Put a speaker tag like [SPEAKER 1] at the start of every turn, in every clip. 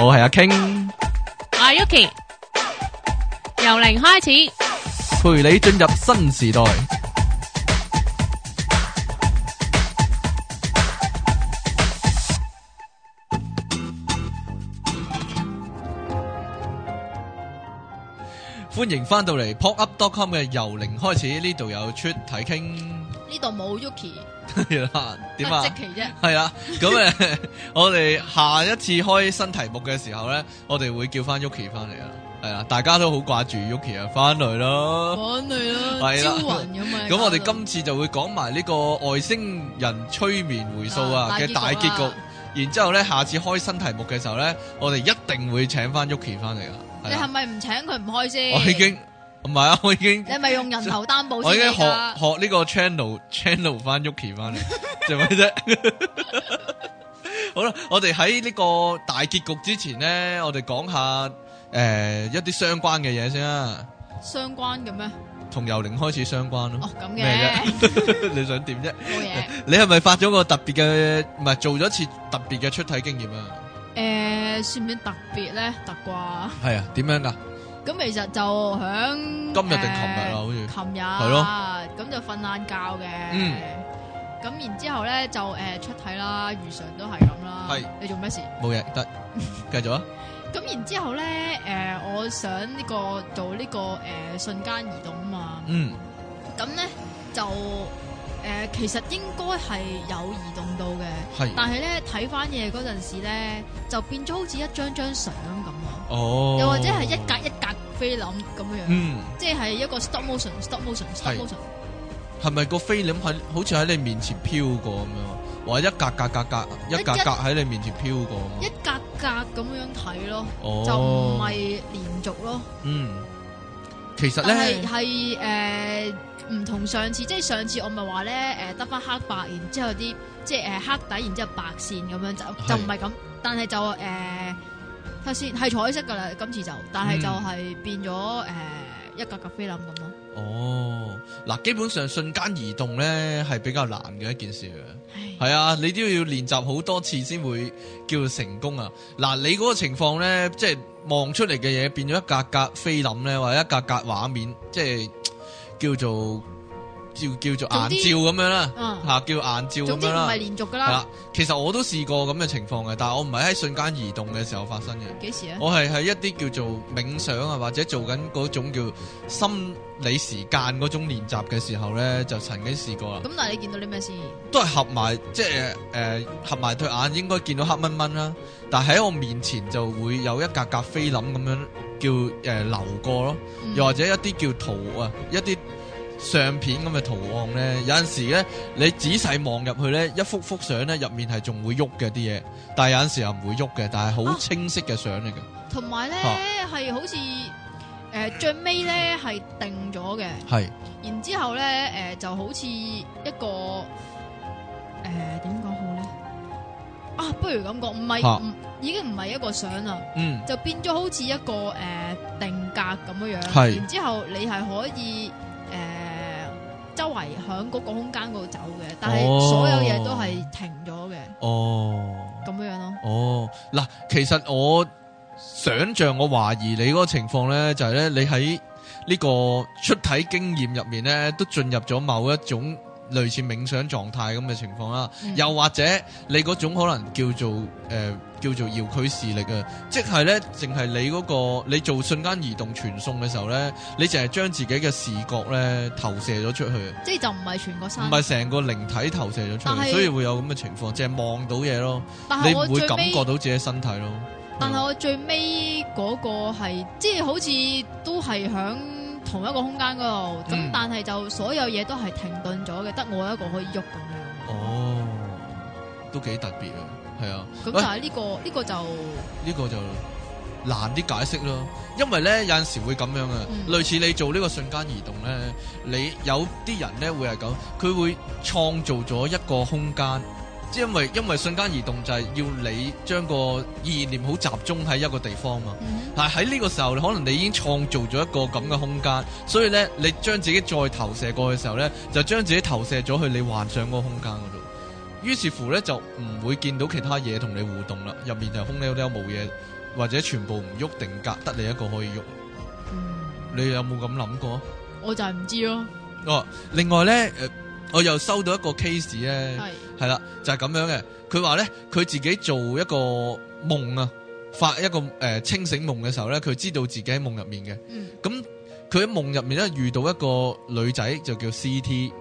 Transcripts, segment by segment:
[SPEAKER 1] 我係阿 King，傾，阿 Yuki，由零開始，陪你進入新時代。歡迎翻到嚟 PopUp.com 嘅由零開始，呢度有出睇傾，
[SPEAKER 2] 呢度冇 Yuki。
[SPEAKER 1] 係啦，點 啊？係啊，咁誒， 我哋下一次開新題目嘅時候咧，我哋會叫翻 Yuki 翻嚟啊！係啊，大家都好掛住 Yuki 啊，翻嚟咯，
[SPEAKER 2] 翻嚟咯，招魂
[SPEAKER 1] 咁啊！咁 我哋今次就會講埋呢個外星人催眠回數啊嘅大結局， 然之後咧，下次開新題目嘅時候咧，我哋一定會請翻 Yuki 翻嚟啊！你係
[SPEAKER 2] 咪唔請佢唔開先 我已
[SPEAKER 1] 經。唔係啊，我已經你係咪用人頭擔保我已經學學呢個 channel, channel channel 翻 Yuki 翻嚟，做咩啫？ 好啦，我哋喺呢個大結局之前咧，我哋講下誒、呃、一啲相關嘅嘢先啦。
[SPEAKER 2] 相關嘅咩？
[SPEAKER 1] 同遊靈開始相關咯。哦，咁嘅嘅？麼 你想點啫？冇嘢害。你係咪發咗個特別嘅？唔係做咗一次特別嘅出體經驗、呃、
[SPEAKER 2] 啊？誒，算唔算特別咧？特啩？
[SPEAKER 1] 係啊，點樣噶？
[SPEAKER 2] 咁其實就響
[SPEAKER 1] 今日定琴日啊，好似琴日係咯，
[SPEAKER 2] 咁就瞓晏覺嘅。嗯，咁然之後咧就誒出體啦，如常都係咁啦。係，你做咩事？
[SPEAKER 1] 冇嘢，得，繼續啊。
[SPEAKER 2] 咁然之後咧，誒，我想呢個做呢個誒瞬間移動啊嘛。嗯。咁咧就。誒、呃，其實應該係有移動到嘅，是但係咧睇翻嘢嗰陣時咧，就變咗好似一張張相咁哦，又
[SPEAKER 1] 或者係一格
[SPEAKER 2] 一格菲林咁樣樣，嗯、即係一個 stop motion，stop
[SPEAKER 1] motion，stop motion。係咪個菲林喺好似喺你面前飄過咁樣，或者一格格格格一格格喺你面前飄過一,一,一,一
[SPEAKER 2] 格格咁樣睇咯？
[SPEAKER 1] 哦、就唔係
[SPEAKER 2] 連續咯。
[SPEAKER 1] 嗯，其實咧係
[SPEAKER 2] 誒。唔同上次，即係上次我咪話咧，誒得翻黑白，然之後啲即係誒、呃、黑底，然之後白線咁樣就是就唔係咁，但係就誒發先係彩色噶啦，今次就，但係就係變咗誒、嗯呃、一格格菲林咁咯。
[SPEAKER 1] 哦，嗱，基本上瞬間移動咧係比較難嘅一件事嘅，係唉啊，你都要練習好多次先會叫做成功啊。嗱，你嗰個情況咧，即係望出嚟嘅嘢變咗一格格菲林咧，或者一格格畫面，即係。叫做叫叫做眼罩咁樣啦，吓、啊、叫眼罩咁樣啦。總之唔係連續噶啦。其實我都試過咁嘅情況嘅，但係我唔係喺瞬間移動嘅時候發生嘅。幾
[SPEAKER 2] 時啊？我係
[SPEAKER 1] 喺一啲叫做冥想啊，或者做緊嗰種叫心理時間嗰種練習嘅時候咧，就曾經試過啦。
[SPEAKER 2] 咁但係你見到啲咩先？
[SPEAKER 1] 都係合埋，即係誒、呃、合埋對眼，應該見到黑蚊蚊啦。但係喺我面前就會有一格格菲林咁樣。叫誒、呃、流過咯，又或者一啲叫圖啊，一啲相片咁嘅圖案咧，有陣時咧，你仔細望入去咧，一幅幅相咧入面係仲會喐嘅啲嘢，但係有陣時候唔會喐嘅，但係好清晰嘅相嚟嘅。
[SPEAKER 2] 同埋咧係好似誒、呃、最尾咧係定咗嘅，係是，然之後咧誒、呃、就好似一個誒點講好咧？呃啊，不如咁講，唔係，唔哈已經唔係一個相啦，嗯、就變咗好似一個誒、呃、定格咁樣樣，是然之後你係可以誒、呃、周圍響嗰個空間度走嘅，但係所有嘢都係停咗
[SPEAKER 1] 嘅，咁、哦、樣樣咯。嗱、哦哦，其實我想象，我懷疑你嗰個情況咧，就係咧，你喺呢個出體經驗入面咧，都進入咗某一種。類似冥想狀態咁嘅情況啦，嗯、又或者你嗰種可能叫做、呃、叫做遙距視力啊，即係咧，淨係你嗰、嗰個你做瞬間移動傳送嘅時候咧，你淨係將自己嘅視覺咧投射咗出去，
[SPEAKER 2] 即係就唔係全個身，唔係
[SPEAKER 1] 成個靈體投射咗出去，是所以會有咁嘅情況，淨係望到嘢咯，但
[SPEAKER 2] 你唔會感覺到
[SPEAKER 1] 自己身體咯。
[SPEAKER 2] 但係我最尾嗰個係即係好似都係響。同一個空間嗰度，咁但係就所有嘢都係停頓咗嘅，得我一個可以喐咁樣。
[SPEAKER 1] 哦，都幾特別啊，係啊。咁但
[SPEAKER 2] 係呢個呢個就
[SPEAKER 1] 呢個就難啲解釋咯，因為咧有陣時會咁樣嘅，類似你做呢個瞬間移動咧，你有啲人咧會係咁，佢會創造咗一個空間。即因為因為瞬間移動就係、是、要你將個意念好集中喺一個地方嘛，但係喺呢個時候你可能你已經創造咗一個咁嘅空間，所以咧你將自己再投射過去嘅時候咧，就將自己投射咗去你幻想嗰個空間嗰度，於是乎咧就唔會見到其他嘢，同你互動啦，入面就空咧有冇嘢，或者全部唔喐定格，得你一個可以喐，嗯、你有冇咁諗過？
[SPEAKER 2] 我就係唔知咯。
[SPEAKER 1] 哦，另外咧，誒。我又收到一個 case 咧，是，係啦，就係、是、咁樣嘅。佢話咧，佢自己做一個夢啊，發一個誒、呃、清醒夢嘅時候咧，佢知道自己喺夢入面嘅。咁佢喺夢入面咧遇到一個女仔，就叫 CT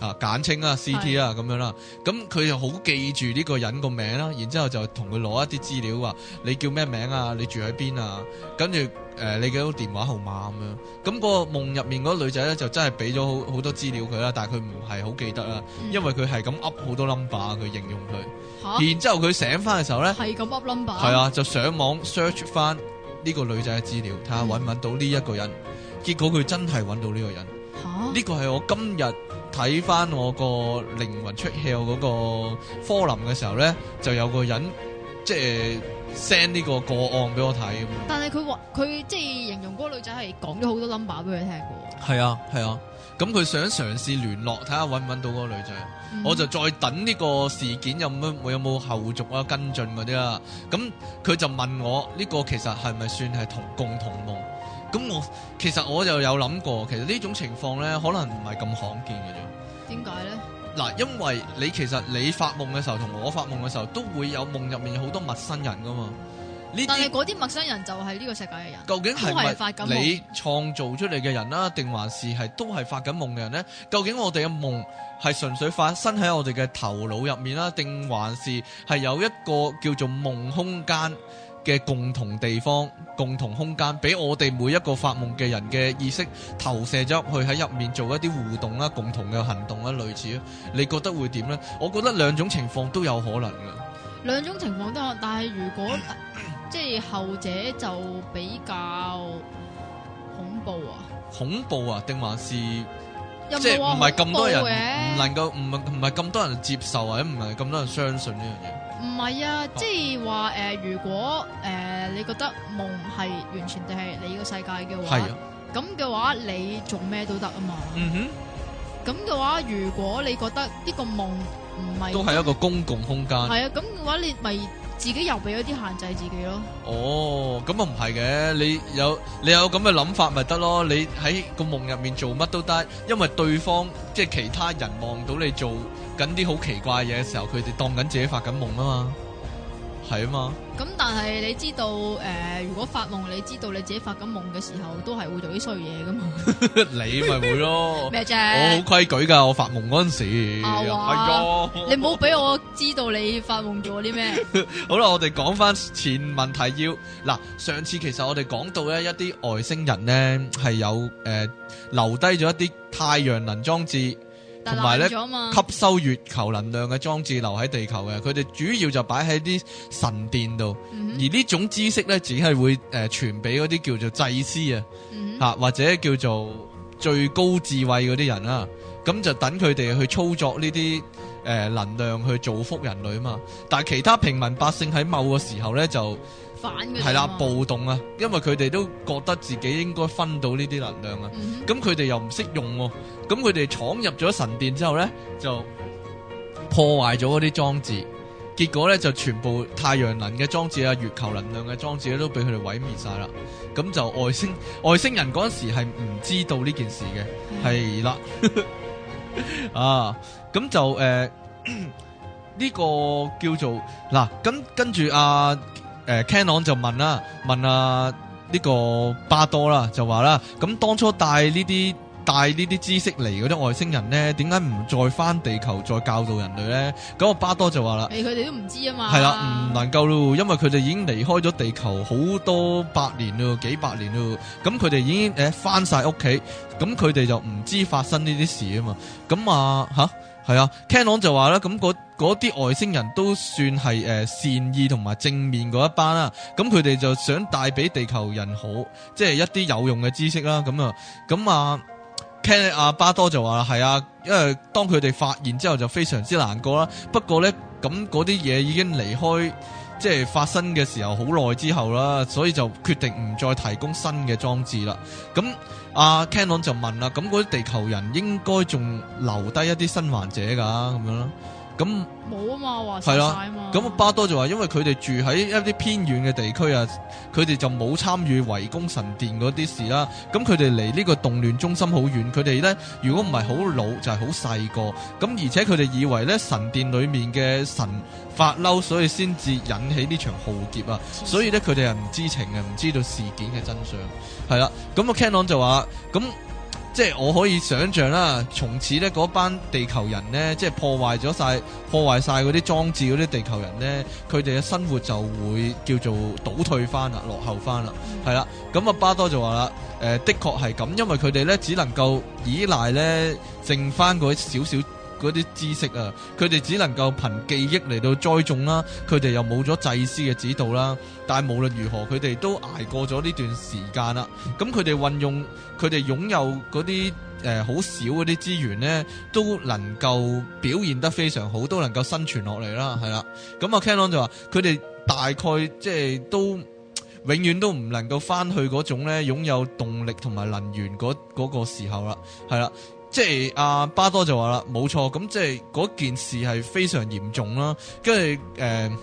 [SPEAKER 1] 啊，簡稱啊，CT 啊咁是樣啦。咁佢就好記住呢個人個名啦，然之後就同佢攞一啲資料話：你叫咩名啊？你住喺邊啊？跟住。誒、呃，你嘅電話號碼咁樣，咁、嗰個夢入面嗰個女仔咧就真係俾咗好好多資料佢啦，但係佢唔係好記得啦，因為佢係咁噏好多 number 佢形容佢。啊、然之後佢醒翻嘅時候咧
[SPEAKER 2] 係咁噏 number，係啊，
[SPEAKER 1] 就上網 search 翻呢個女仔嘅資料，睇下搵唔搵到呢一個人，結果佢真係搵到呢個人，呢、啊、個係我今日睇翻我個靈魂出竅嗰、嗰個科林嘅時候咧，就有個人。即係 send 呢個個案俾我睇，
[SPEAKER 2] 但係佢話佢即係形容嗰個女仔係講咗好多 number 俾佢聽嘅，
[SPEAKER 1] 係啊係啊，咁佢、啊、想嘗試聯絡，睇下搵唔搵到嗰個女仔，嗯、我就再等呢個事件有冇有冇後續啊跟進嗰啲啦，咁佢就問我呢、這個其實係咪算係同共同夢？咁我其實我就有諗過，其實呢種情況咧可能唔係咁罕見嘅啫，
[SPEAKER 2] 點解咧？
[SPEAKER 1] 嗱，因為你其實你發夢嘅時候，同我發夢嘅時候，都會有夢入面有好多陌生人㗎嘛。
[SPEAKER 2] 呢啲但係嗰啲陌生人就係呢個世界嘅人，都
[SPEAKER 1] 係發緊夢。究竟係咪你創造出嚟嘅人啦，定還是係都係發緊夢嘅人咧？究竟我哋嘅夢係純粹發生喺我哋嘅頭腦入面啦，定還是係有一個叫做夢空間嘅共同地方、共同空間，俾我哋每一個發夢嘅人嘅意識投射咗去喺入面，做一啲互動啦、共同嘅行動啦，類似咯。你覺得會點咧？我覺得兩種情況都有可能嘅。
[SPEAKER 2] 兩種情況都有，但係如果即係後者就比較恐怖啊！
[SPEAKER 1] 恐怖啊？定還是
[SPEAKER 2] 即係唔係咁多人？唔
[SPEAKER 1] 能夠唔唔係咁多人接受或者唔係咁多人相信呢樣嘢？
[SPEAKER 2] 唔係啊，即係話誒，如果誒你覺得夢係完全淨係你個世界嘅話，咁嘅話你做咩都得啊嘛。嗯哼，咁嘅話，如果你覺得呢個夢唔係都係一
[SPEAKER 1] 個公共空間，係啊，
[SPEAKER 2] 咁嘅話你咪自己又俾咗啲限制自己咯。
[SPEAKER 1] 哦，咁啊唔係嘅，你有你有咁嘅諗法咪得咯，你喺個夢入面做乜都得，因為對方即係其他人望到你做緊啲好奇怪嘢嘅時候，佢哋當緊自己發緊夢啊嘛，係啊嘛。
[SPEAKER 2] 咁但係你知道，誒，如果發夢，你知道你自己發緊夢嘅時候，都係會做啲衰嘢噶嘛？
[SPEAKER 1] 你咪會咯，咩啫？我好規矩噶，我發夢嗰陣時，係啊，
[SPEAKER 2] 你唔好俾我知道你發夢做啲咩。
[SPEAKER 1] 好啦，我哋講翻前問題。要嗱，上次其實我哋講到咧，一啲外星人咧係有誒留低咗一啲太陽能裝置。同埋咧，呢吸收月球能量嘅裝置留喺地球嘅，佢哋主要就擺喺啲神殿度。嗯、哼而呢種知識咧，只係會誒傳俾嗰啲叫做祭司、嗯、哼啊，或者叫做最高智慧嗰啲人啦、啊。咁就等佢哋去操作呢啲、呃、能量去造福人類啊嘛。但係其他平民百姓喺某個時候咧就。係啦，暴動啊！因為佢哋都覺得自己應該分到呢啲能量啊。咁佢哋又唔識用喎，咁佢哋闖入咗神殿之後咧，就破壞咗嗰啲裝置，結果咧就全部太陽能嘅裝置啊、月球能量嘅裝置咧都俾佢哋毀滅晒啦。咁就外星外星人嗰時係唔知道呢件事嘅，係啦。啊，咁就誒呢個叫做嗱，跟跟住啊。誒 Canon 就問啦，問啊呢個巴多啦，就話啦，咁當初帶呢啲帶呢啲知識嚟嗰啲外星人咧，點解唔再翻地球再教導人類咧？咁阿巴多就話啦，誒
[SPEAKER 2] 佢哋都唔知啊嘛，係啦、啊，唔
[SPEAKER 1] 能夠咯，因為佢哋已經離開咗地球好多百年咯，幾百年咯，咁佢哋已經返晒屋企，咁佢哋就唔知發生呢啲事啊嘛，咁啊吓，係啊，Canon 就話啦，咁、嗰嗰啲外星人都算係善意同埋正面嗰一班啦。咁佢哋就想帶俾地球人好，即係一啲有用嘅知識啦。咁啊，咁啊，Can 阿巴多就話係啊，因為當佢哋發現之後就非常之難過啦。不過呢，咁嗰啲嘢已經離開，即係發生嘅時候好耐之後啦，所以就決定唔再提供新嘅裝置啦。咁阿 Canon 就問啦，咁嗰啲地球人應該仲留低一啲生還者㗎，咁樣啦。咁
[SPEAKER 2] 冇啊嘛，話殺曬嘛。咁
[SPEAKER 1] 巴多就話，因為佢哋住喺一啲偏遠嘅地區啊，佢哋就冇參與圍攻神殿嗰啲事啦。咁佢哋離呢個動亂中心好遠，佢哋咧如果唔係好老，就係好細個。咁而且佢哋以為咧神殿裏面嘅神發嬲，所以先至引起呢場浩劫啊。所以咧佢哋係唔知情嘅，唔知道事件嘅真相。係啦，咁啊 Canon 就話咁。即係我可以想像啦，從此咧嗰班地球人咧，即係破壞咗晒破壞晒嗰啲裝置嗰啲地球人咧，佢哋嘅生活就會叫做倒退翻啦，落後翻啦，係啦，嗯。咁啊巴多就話啦，誒、呃、的確係咁，因為佢哋咧只能夠依賴咧剩翻嗰啲少少。嗰啲知識啊，佢哋只能夠憑記憶嚟到栽種啦，佢哋又冇咗祭師嘅指導啦。但係無論如何，佢哋都捱過咗呢段時間啦。咁佢哋運用佢哋擁有嗰啲誒好少嗰啲資源咧，都能夠表現得非常好，都能夠生存落嚟啦，係啦。咁啊，Canon 就話佢哋大概即係都永遠都唔能夠翻去嗰種咧擁有動力同埋能源嗰個時候啦，係啦。即係阿、啊、巴多就話啦，冇錯，咁即係嗰件事係非常嚴重啦，跟住誒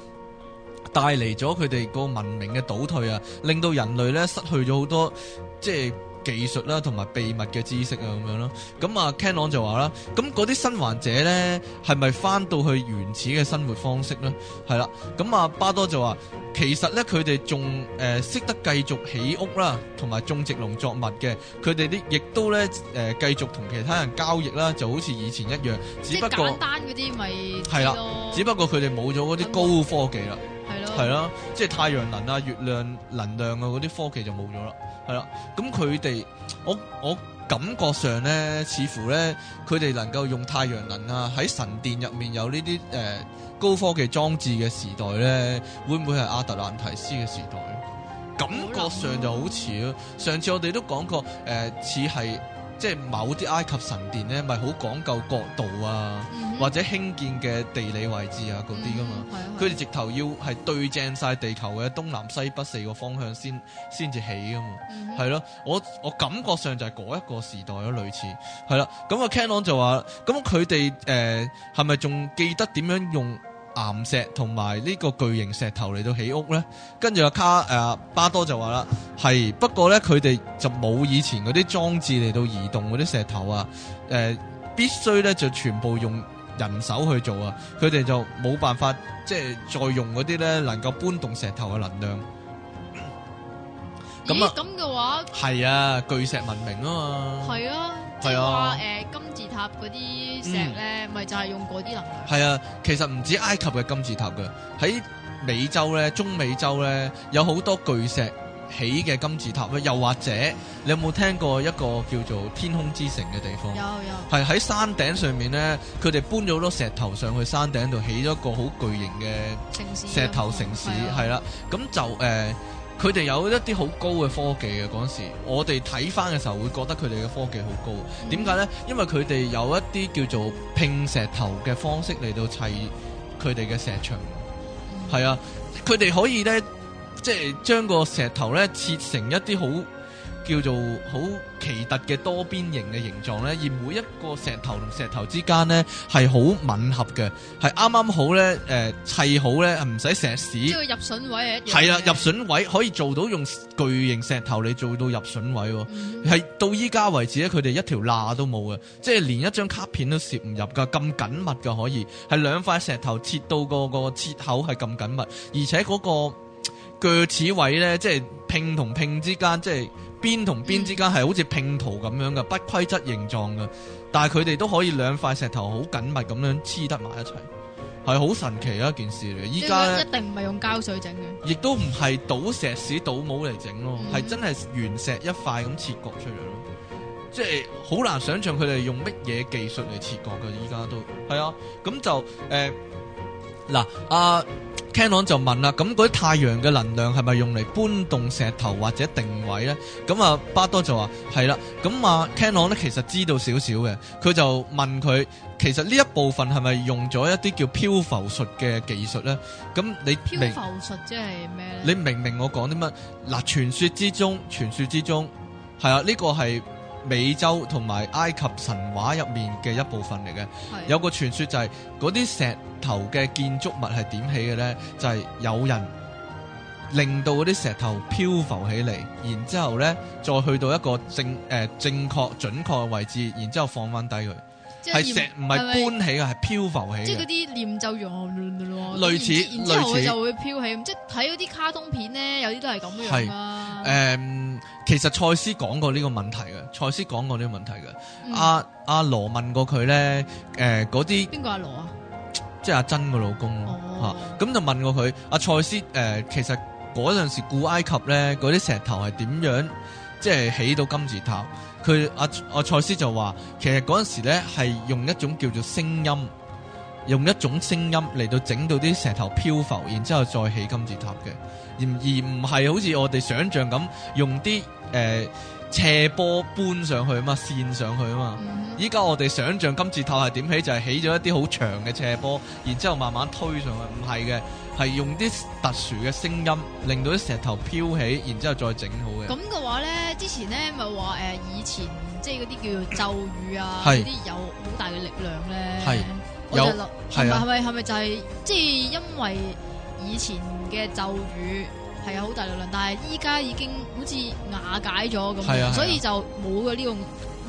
[SPEAKER 1] 帶嚟咗佢哋個文明嘅倒退啊，令到人類呢失去咗好多，即係。技術啦，同埋秘密嘅知識啊，咁樣咯。咁啊，Cannon 就話啦，咁嗰啲生還者咧，係咪翻到去原始嘅生活方式咧？係啦。咁啊，巴多就話，其實咧，佢哋仲誒識得繼續起屋啦，同埋種植農作物嘅，佢哋啲亦都咧誒繼續同其他人交易啦，就好似以前一樣。只不過
[SPEAKER 2] 簡單嗰啲咪係啦，只
[SPEAKER 1] 不過佢哋冇咗嗰啲高科技啦。係啦，即係太陽能啊、月亮能量啊嗰啲科技就冇咗啦，係啦。咁佢哋，我我感覺上咧，似乎咧，佢哋能夠用太陽能啊，喺神殿入面有呢啲誒高科技裝置嘅時代咧，會唔會係阿特蘭提斯嘅時代？感覺上就好似啊，上次我哋都講過，誒、呃、似係。即係某啲埃及神殿咧，咪好講究角度啊，mm hmm. 或者興建嘅地理位置啊嗰啲噶嘛，佢哋、mm hmm. 直頭要係對正晒地球嘅東南西北四個方向先先至起噶嘛，係咯、mm hmm.，我我感覺上就係嗰一個時代咯，類似係啦。咁啊，Canon 就話，咁佢哋誒係咪仲記得點樣用？岩石同埋呢個巨型石頭嚟到起屋咧，跟住阿卡誒、呃、巴多就話啦，係不過咧佢哋就冇以前嗰啲裝置嚟到移動嗰啲石頭啊，誒、呃、必須咧就全部用人手去做啊，佢哋就冇辦法即係再用嗰啲咧能夠搬動石頭嘅能量。
[SPEAKER 2] 咁咦啊，咁嘅話
[SPEAKER 1] 係啊，巨石文明啊嘛。
[SPEAKER 2] 係啊，係啊誒、呃、今。塔嗰啲石咧，咪、嗯、就係用嗰啲能
[SPEAKER 1] 量。係啊，其實唔止埃及嘅金字塔嘅，喺美洲咧、中美洲咧，有好多巨石起嘅金字塔咧。又或者，你有冇聽過一個叫做天空之城嘅地方？有有。係喺山頂上面咧，佢哋搬咗好多石頭上去山頂度起咗一個好巨型嘅石頭城市，係啦。咁、啊啊、就誒。呃佢哋有一啲好高嘅科技嘅嗰陣時，我哋睇翻嘅時候會覺得佢哋嘅科技好高。點解咧？因為佢哋有一啲叫做拼石頭嘅方式嚟到砌佢哋嘅石牆，係啊，佢哋可以咧，即係將個石頭咧切成一啲好叫做好奇特嘅多邊形嘅形狀咧，而每一個石頭同石頭之間呢係好吻合嘅，係啱啱好呢，誒、呃、砌好呢，唔使石屎。即係
[SPEAKER 2] 入榫位係一樣。係啦，入
[SPEAKER 1] 榫位可以做到用巨型石頭嚟做到入榫位喎、哦，係、嗯、到依家為止咧，佢哋一條罅都冇呀，即係連一張卡片都攝唔入㗎，咁緊密㗎可以係兩塊石頭切到、嗰個、嗰個切口係咁緊密，而且嗰個鋸齒位呢，即係拼同拼之間即係。邊同邊之間係好似拼圖咁樣嘅、嗯、不規則形狀嘅，但係佢哋都可以兩塊石頭好緊密咁樣黐得埋一齊，係好神奇嘅一件事嚟。依家一
[SPEAKER 2] 定唔係用膠水整嘅，
[SPEAKER 1] 亦都唔係倒石屎倒模嚟整咯，係真係原石一塊咁切割出嚟咯，嗯、即係好難想象佢哋用乜嘢技術嚟切割嘅。依家都係啊，咁就誒嗱啊。呃 Canon 就問啦，咁嗰啲太陽嘅能量係咪用嚟搬動石頭或者定位咧？咁啊，巴多就話係啦。咁啊 Canon 咧其實知道少少嘅，佢就問佢，其實呢一部分係咪用咗一啲叫漂浮術嘅技術咧？咁你漂
[SPEAKER 2] 浮術即係咩咧？
[SPEAKER 1] 你明明我講啲乜？嗱、啊，傳說之中，傳說之中，係啊，呢、這個係。美洲同埋埃及神話入面嘅一部分嚟嘅，的有個傳說就係、是、啲石頭嘅建築物係點起嘅咧？就係、是、有人令到啲石頭漂浮起嚟，然之後咧再去到一個正誒、呃、正確準確嘅位置，然之後放翻低佢。係石唔係搬起嘅，係漂浮起。即係嗰啲
[SPEAKER 2] 念咒樣咯。類似，然然類似。之後佢就會漂起，即係睇嗰啲卡通片咧，有啲都係咁樣
[SPEAKER 1] 啦。誒、呃，其實蔡斯講過呢個問題嘅，蔡斯講過呢個問題嘅。阿阿、嗯啊啊、羅問過佢咧，誒、呃，嗰啲邊
[SPEAKER 2] 個阿羅阿、
[SPEAKER 1] 哦、啊？即係阿珍個老公咯。吓，咁就問過佢，阿、啊、蔡斯誒、呃，其實嗰陣時古埃及咧，嗰啲石頭係點樣？即係起到金字塔，佢阿阿賽斯就話，其實嗰陣時呢係用一種叫做聲音，用一種聲音嚟到整到啲石頭漂浮，然之後再起金字塔嘅，而而唔係好似我哋想象咁用啲誒、呃、斜坡搬上去啊嘛，線上去啊嘛。依家、嗯、我哋想象金字塔係點起就係、是、起咗一啲好長嘅斜坡，然後之後慢慢推上去，唔係嘅。係用啲特殊嘅聲音，令到啲石頭飄起，然之後再整好嘅。咁
[SPEAKER 2] 嘅話咧，之前咧咪話誒以前即係嗰啲叫做咒語啊，嗰啲是有好大嘅力量咧。係是就有係咪係咪就係即係因為以前嘅咒語係有好大的力量，但係依家已經好似瓦解咗咁，是啊是啊所以就冇咗呢種。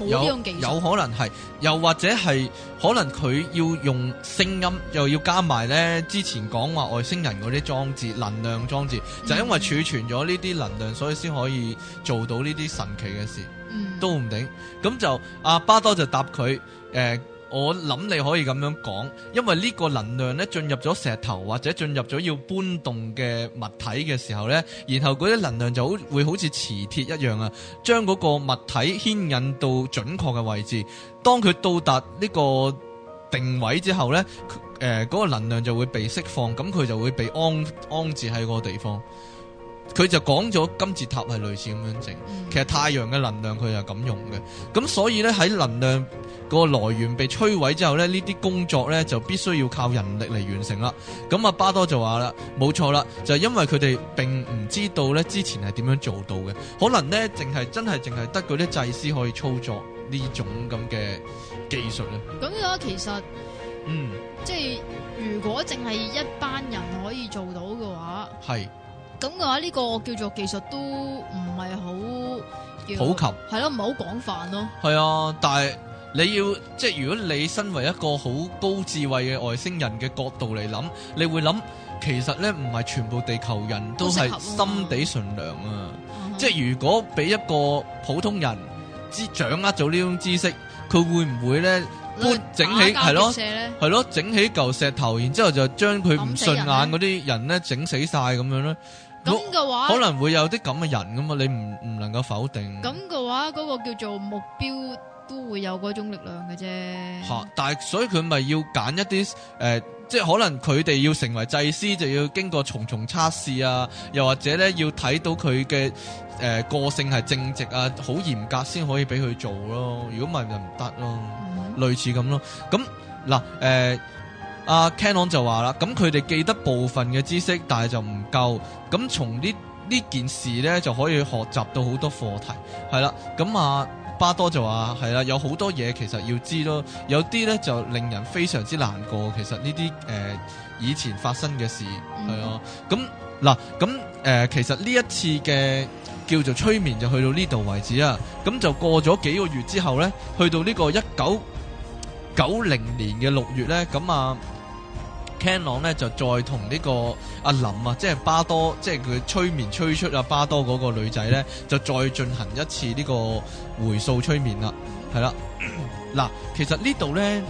[SPEAKER 2] 有，有可
[SPEAKER 1] 能係，又或者係可能佢要用聲音，又要加埋呢之前講話外星人嗰啲裝置，能量裝置，嗯、就因為儲存咗呢啲能量，所以先可以做到呢啲神奇嘅事。嗯、都唔定。咁就阿巴多就答佢，誒、呃。我諗你可以咁樣講，因為呢個能量咧進入咗石頭或者進入咗要搬動嘅物體嘅時候呢，然後嗰啲能量就好會好似磁鐵一樣啊，將嗰個物體牽引到準確嘅位置。當佢到達呢個定位之後呢，誒嗰、呃那個能量就會被釋放，咁佢就會被安安置喺個地方。佢就講咗金字塔係類似咁樣整，嗯、其實太陽嘅能量佢就咁用嘅，咁所以呢，喺能量個來源被摧毀之後呢，呢啲工作呢就必須要靠人力嚟完成啦。咁阿巴多就話啦，冇錯啦，就係、因為佢哋並唔知道呢之前係點樣做到嘅，可能呢，淨係真係淨係得嗰啲祭司可以操作呢種咁嘅技術呢
[SPEAKER 2] 咁啊，其實嗯，即係如果淨係一班人可以做到嘅話，係。咁嘅話，呢個叫做技術都唔係好普及，係咯，唔係好廣泛咯。
[SPEAKER 1] 係啊，但係你要即係，如果你身為一個好高智慧嘅外星人嘅角度嚟諗，你會諗，其實咧唔係全部地球人都係心地純良啊。即係如果俾一個普通人知掌握咗呢種知識，佢會唔會咧搬整起係咯，係咯，整起嚿石頭，然之後就將佢唔順眼嗰啲人咧整死晒咁樣咧？
[SPEAKER 2] 咁嘅話，可能
[SPEAKER 1] 會有啲咁嘅人噶嘛，你唔唔能夠否定。咁
[SPEAKER 2] 嘅話，嗰個叫做目標都會有嗰種力量嘅啫。
[SPEAKER 1] 吓、啊，但係所以佢咪要揀一啲誒、呃，即係可能佢哋要成為祭司，就要經過重重測試啊，又或者咧要睇到佢嘅誒個性係正直啊，好嚴格先可以俾佢做咯。如果唔係就唔得咯，uh huh. 類似咁咯。咁嗱誒。呃阿 Canon、啊、就話啦，咁佢哋記得部分嘅知識，但係就唔夠。咁從呢呢件事呢就可以學習到好多課題，係啦。咁啊，mm hmm. 巴多就話係啦，有好多嘢其實要知咯，有啲呢就令人非常之難過，其實呢啲誒以前發生嘅事，係啊、mm。咁、hmm. 嗱，咁誒、呃、其實呢一次嘅叫做催眠就去到呢度為止啊。咁就過咗幾個月之後呢，去到呢個一九九零年嘅六月呢，咁啊。聽朗咧就再同呢個阿林啊，即係巴多，即係佢催眠催出阿巴多嗰個女仔咧，就再進行一次呢個回溯催眠啦，係啦。嗱， 其實這裡呢度咧，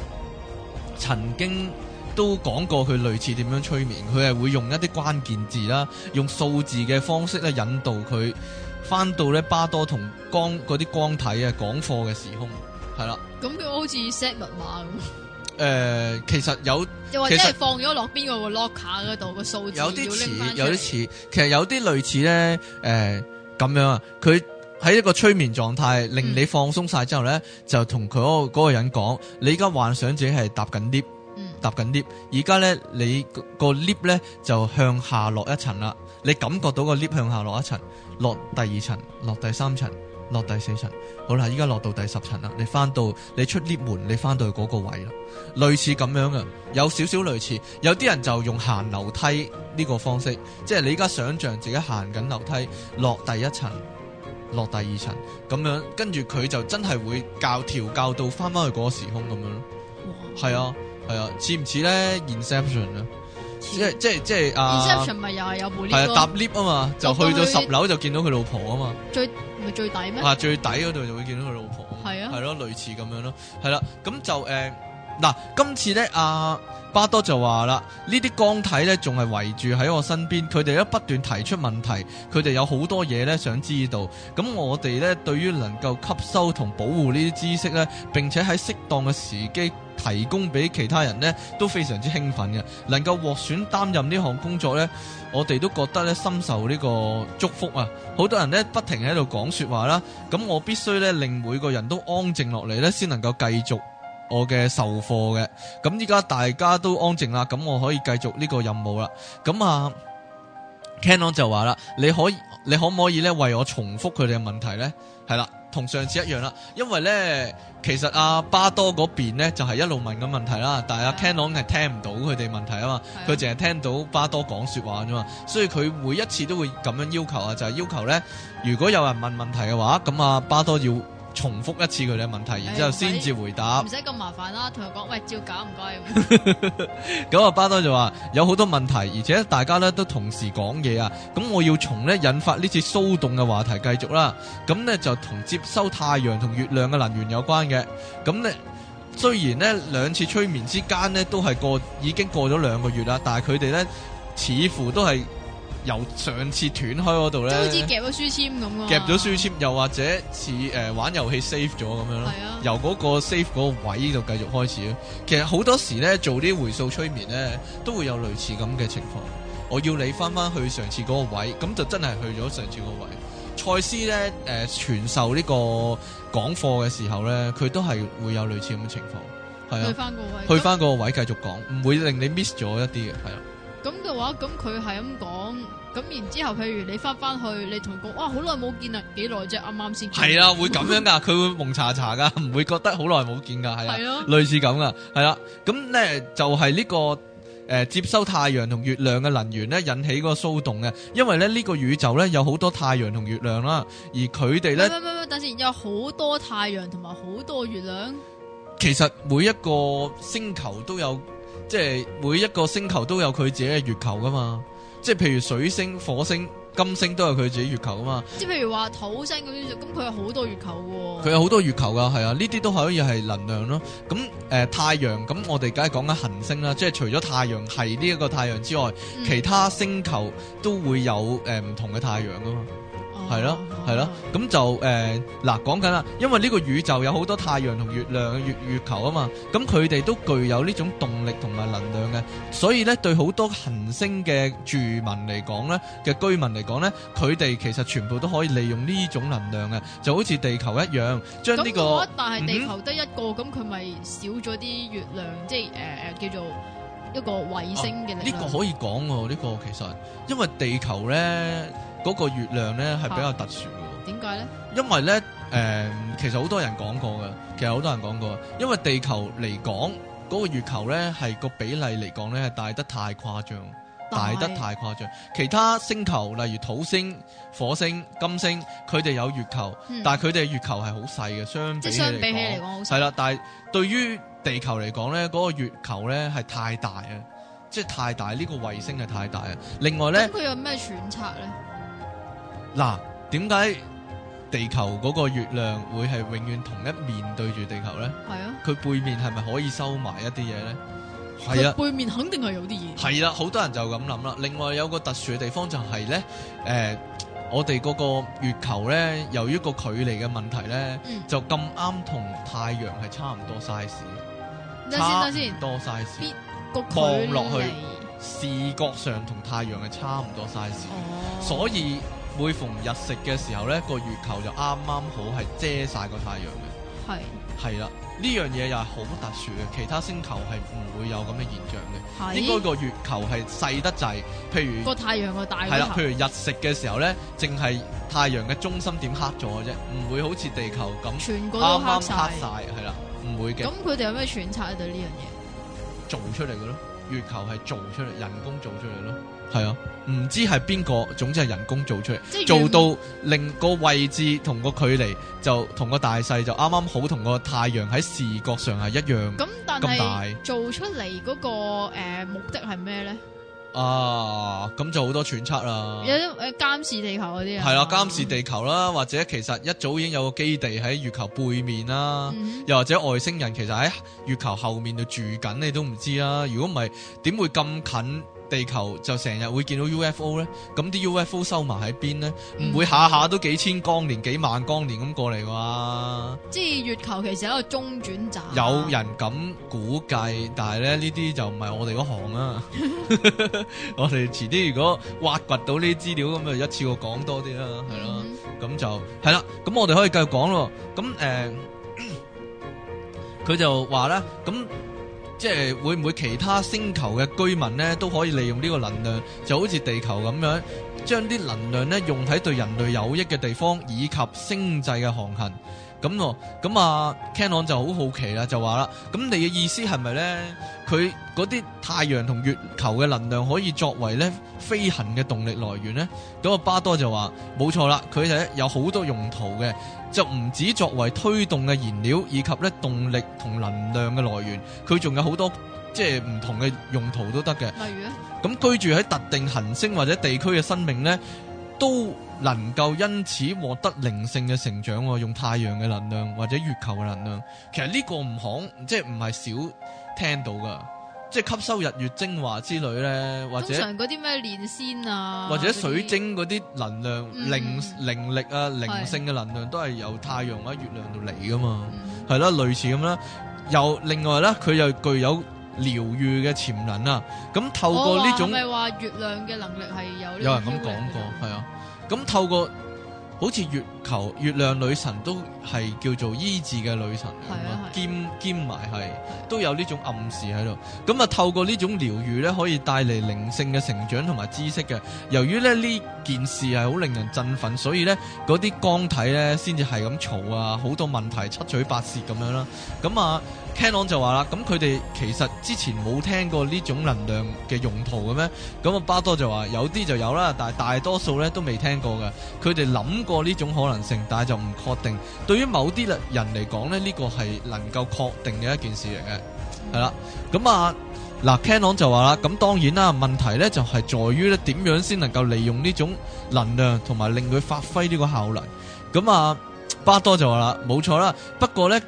[SPEAKER 1] 曾經都講過佢類似點樣催眠，佢係會用一啲關鍵字啦，用數字嘅方式咧引導佢翻到咧巴多同光嗰啲光體嘅講課嘅時空，係啦。
[SPEAKER 2] 咁佢好似 set 密碼咁。
[SPEAKER 1] 誒、呃，其實有，又或者係
[SPEAKER 2] 放咗落邊個 locker 嗰度個數字，有啲似，有啲似。
[SPEAKER 1] 其實有啲類似咧，誒、呃，咁樣啊，佢喺一個催眠狀態，令你放鬆晒之後咧，嗯、就同佢嗰個個人講，你而家幻想自己係搭緊 lift，搭緊 lift。而家咧，嗯、你個 lift 咧就向下落一層啦，你感覺到個 lift 向下落一層，落第二層，落第三層。落第四層，好啦，依家落到第十層啦。你翻到你出 lift 門，你翻到去嗰個位啦。類似咁樣嘅，有少少類似。有啲人就用行樓梯呢個方式，即係你而家想像自己行緊樓梯，落第一層，落第二層咁樣，跟住佢就真係會教調教到翻翻去嗰個時空咁樣咯。係哇啊，係啊，似唔似呢 Inception 咧？In 像即係即係即係啊！reception 咪又係有部 lift 係搭 lift 啊嘛，嘛就去到十樓就見到佢老婆啊嘛。
[SPEAKER 2] 最唔係最底咩？吓、啊、最底嗰
[SPEAKER 1] 度就會見到佢老婆。係啊，係咯，類似咁樣咯。係啦，咁就誒，嗱、嗯啊，今次咧，阿、啊、巴多就話啦，呢啲光體咧，仲係圍住喺我身邊，佢哋一不斷提出問題，佢哋有好多嘢咧想知道。咁我哋咧，對於能夠吸收同保護呢啲知識咧，並且喺適當嘅時機，提供俾其他人呢都非常之興奮嘅，能夠獲選擔任呢項工作呢，我哋都覺得咧深受呢個祝福啊！好多人呢不停喺度講說話啦，咁我必須咧令每個人都安靜落嚟呢，先能夠繼續我嘅授課嘅。咁依家大家都安靜啦，咁我可以繼續呢個任務啦。咁啊，Canon 就話啦：「你可以，你可唔可以咧為我重複佢哋嘅問題呢？」係啦。同上次一樣啦，因為咧，其實阿、啊、巴多嗰邊咧就係、是、一路問緊問題啦，但係阿 Kenron 係聽唔到佢哋問題啊嘛，佢淨係聽到巴多講説話啫嘛，所以佢每一次都會咁樣要求啊，就係、是、要求咧，如果有人問問題嘅話，咁啊，巴多要。重複一次佢哋嘅問題，然之後先至回答，唔使
[SPEAKER 2] 咁麻煩啦、啊，同佢講，喂，照搞唔該。
[SPEAKER 1] 咁阿、啊、 巴多就話：有好多問題，而且大家咧都同時講嘢啊。咁我要從咧引發呢次騷動嘅話題繼續啦。咁呢就同接收太陽同月亮嘅能源有關嘅。咁呢，雖然呢兩次催眠之間呢都係過已經過咗兩個月啦，但係佢哋呢似乎都係。由上次斷開嗰度咧，好似
[SPEAKER 2] 夾咗書簽咁咯，夾咗
[SPEAKER 1] 書簽，的又或者似、呃、玩遊戲 save 咗咁樣咯。係啊的，由嗰個 save 嗰個位度繼續開始咯。其實好多時咧做啲回溯催眠咧，都會有類似咁嘅情況。我要你翻翻去上次嗰個位，咁就真係去咗上次個位。賽斯咧誒、呃、傳授呢個講課嘅時候咧，佢都係會有類似咁嘅情況。係啊，的去翻個
[SPEAKER 2] 位，那去翻
[SPEAKER 1] 嗰個位繼續講，唔會令你 miss 咗一啲嘅，係啦。
[SPEAKER 2] 嘅話，咁佢係咁講，咁然之後，譬如你翻翻去，你同佢講，哇，好耐冇見啊，幾耐啫，啱啱先係啦，會咁樣
[SPEAKER 1] 噶，佢會蒙查查噶，唔會覺得好耐冇見噶，係啊，係啊類似咁噶，係啦，咁咧就係呢個誒接收太陽同月亮嘅能源咧引起個騷動嘅，因為咧呢個宇宙咧有好多太陽同月亮啦，而佢哋咧，
[SPEAKER 2] 唔唔等陣有好多太陽同埋好多月亮，
[SPEAKER 1] 其實每一個星球都有。即係每一個星球都有佢自己嘅月球噶嘛，即係譬如水星、火星、金星都有佢自己月球噶嘛。
[SPEAKER 2] 即係譬如話土星嗰啲，咁佢有好多月球喎，佢
[SPEAKER 1] 有好多月球噶，係啊，呢啲都可以係能量咯。咁誒、呃、太陽，咁我哋梗係講緊恆星啦。即係除咗太陽系呢一個太陽之外，嗯、其他星球都會有誒、呃、唔同嘅太陽噶嘛。係咯，係咯，咁就誒嗱講緊啦，因為呢個宇宙有好多太陽同月亮月月球啊嘛，咁佢哋都具有呢種動力同埋能量嘅，所以咧對好多行星嘅住民嚟講咧嘅居民嚟講咧，佢哋其實全部都可以利用呢種能量嘅，就好似地球一樣將呢、這個，但係地球
[SPEAKER 2] 得一個咁佢咪少咗啲月亮，即係誒誒叫做一個衛星嘅呢、啊這個可
[SPEAKER 1] 以講喎，呢、這個其實因為地球咧。嗯嗰個月亮咧係比較特殊嘅，點解咧？為呢因為咧、呃，其實好多人講過嘅，其實好多人講過，因為地球嚟講嗰個月球咧係個比例嚟講咧係大得太誇張，大，大得太誇張。其他星球例如土星、火星、金星，佢哋有月球，嗯、但佢哋月球係好細嘅，相比，相比起嚟講好細係啦。但係對於地球嚟講咧，嗰、那個月球咧係太大啊，即、就、係、是、太大，呢、這個衛星係太大啊。另外咧，咁
[SPEAKER 2] 佢有咩揣測咧？
[SPEAKER 1] 嗱，點解、啊、地球嗰個月亮會係永遠同一面對住地球咧？係啊，佢背面係咪可以收埋一啲嘢咧？係啊，
[SPEAKER 2] 背面肯定係有啲嘢。係
[SPEAKER 1] 啦、啊，好多人就咁諗啦。另外有個特殊嘅地方就係、是、咧，誒、呃，我哋嗰個月球咧，由於個距離嘅問題咧，嗯、就咁啱同太陽係差唔多 size 等等。等等差唔
[SPEAKER 2] 多 size，望落去
[SPEAKER 1] 視覺上同太陽係差唔多 size，、哦、所以。每逢日食嘅時候咧，個月球就啱啱好係遮晒個太陽嘅。係係啦，呢樣嘢又係好特殊嘅，其他星球係唔會有咁嘅現象嘅。係，應該個月球係細得滯，譬如個
[SPEAKER 2] 太陽個大係啦。譬如
[SPEAKER 1] 日食嘅時候咧，淨係太陽嘅中心點黑咗嘅啫，唔會好似地球咁，全部都黑晒黑晒，係啦，唔會嘅。咁
[SPEAKER 2] 佢哋有咩揣測喺對呢樣嘢？
[SPEAKER 1] 做出嚟嘅咯，月球係做出嚟，人工做出嚟咯。係啊，唔知係邊個，總之係人工做出嚟，即原做到令個位置同個距離就同個大細就啱啱好，同個太陽喺視覺上係一樣咁
[SPEAKER 2] 大。但係，做出嚟嗰、那個誒、呃、目的係咩咧？
[SPEAKER 1] 啊，咁就好多揣測啦，有
[SPEAKER 2] 啲監視地球嗰啲啊，係啦，
[SPEAKER 1] 監視地球啦，嗯、或者其實一早已經有個基地喺月球背面啦，嗯、又或者外星人其實喺月球後面度住緊，你都唔知啦，如果唔係，點會咁近？地球就成日會見到 UFO 咧？咁，啲 UFO 收埋喺邊咧？唔、嗯、會下下都幾千光年、幾萬光年咁過嚟噶嘛？
[SPEAKER 2] 即係月球其實係一個中轉站。有
[SPEAKER 1] 人咁估計，但係咧呢啲就唔係我哋嗰行啊。嗯、 我哋遲啲如果挖掘到呢啲資料，咁就一次過講多啲啦，係咯。咁就係啦。咁、嗯、我哋可以繼續講咯。咁誒，佢、呃、就話咧，咁。即係會唔會其他星球嘅居民呢都可以利用呢個能量，就好似地球咁樣將啲能量呢用喺對人類有益嘅地方，以及星際嘅航行咁，咁啊，Canon 就好好奇啦，就話啦，「咁你嘅意思係咪呢？」佢嗰啲太陽同月球嘅能量可以作為咧飛行嘅動力來源咧？咁阿巴多就話冇錯啦，佢係有好多用途嘅，就唔止作為推動嘅燃料，以及咧動力同能量嘅來源，佢仲有好多即係唔同嘅用途都得嘅。例如咁居住喺特定行星或者地區嘅生命咧，都能夠因此獲得靈性嘅成長。用太陽嘅能量或者月球嘅能量，其實呢個唔好，即係唔係少。聽到噶，即係吸收日月精華之類咧，或者通常
[SPEAKER 2] 嗰啲咩煉仙啊，或者水晶
[SPEAKER 1] 嗰啲能量、靈靈力啊、靈性嘅能量都係由太陽或者月亮度嚟噶嘛，係咯，類似咁啦。又另外咧，佢又具有療癒嘅潛能啊。咁透過呢種唔係
[SPEAKER 2] 話月亮嘅能力係有，有人咁講過
[SPEAKER 1] 係啊。咁透過。好似月球、月亮女神都係叫做醫治嘅女神咁、啊、兼、啊、兼埋係、啊、都有呢種暗示喺度。咁啊，透過呢種療愈呢，可以帶嚟靈性嘅成長同埋知識嘅。由於咧呢件事係好令人振奮，所以呢嗰啲光體呢先至係咁嘈啊，好多問題七嘴八舌咁樣啦。咁啊～Canon 就話啦，咁佢哋其實之前冇聽過呢種能量嘅用途嘅咩？咁啊巴多就話有啲就有啦，但係大多數咧都未聽過嘅。佢哋諗過呢種可能性，但係就唔確定。對於某啲人嚟講咧，呢個係能夠確定嘅一件事嚟嘅。係啦，咁啊嗱，Canon 就話啦，咁當然啦，問題咧就係在於咧點樣先能夠利用呢種能量同埋令佢發揮呢個效能。咁啊巴多就話啦，冇錯啦，不過咧。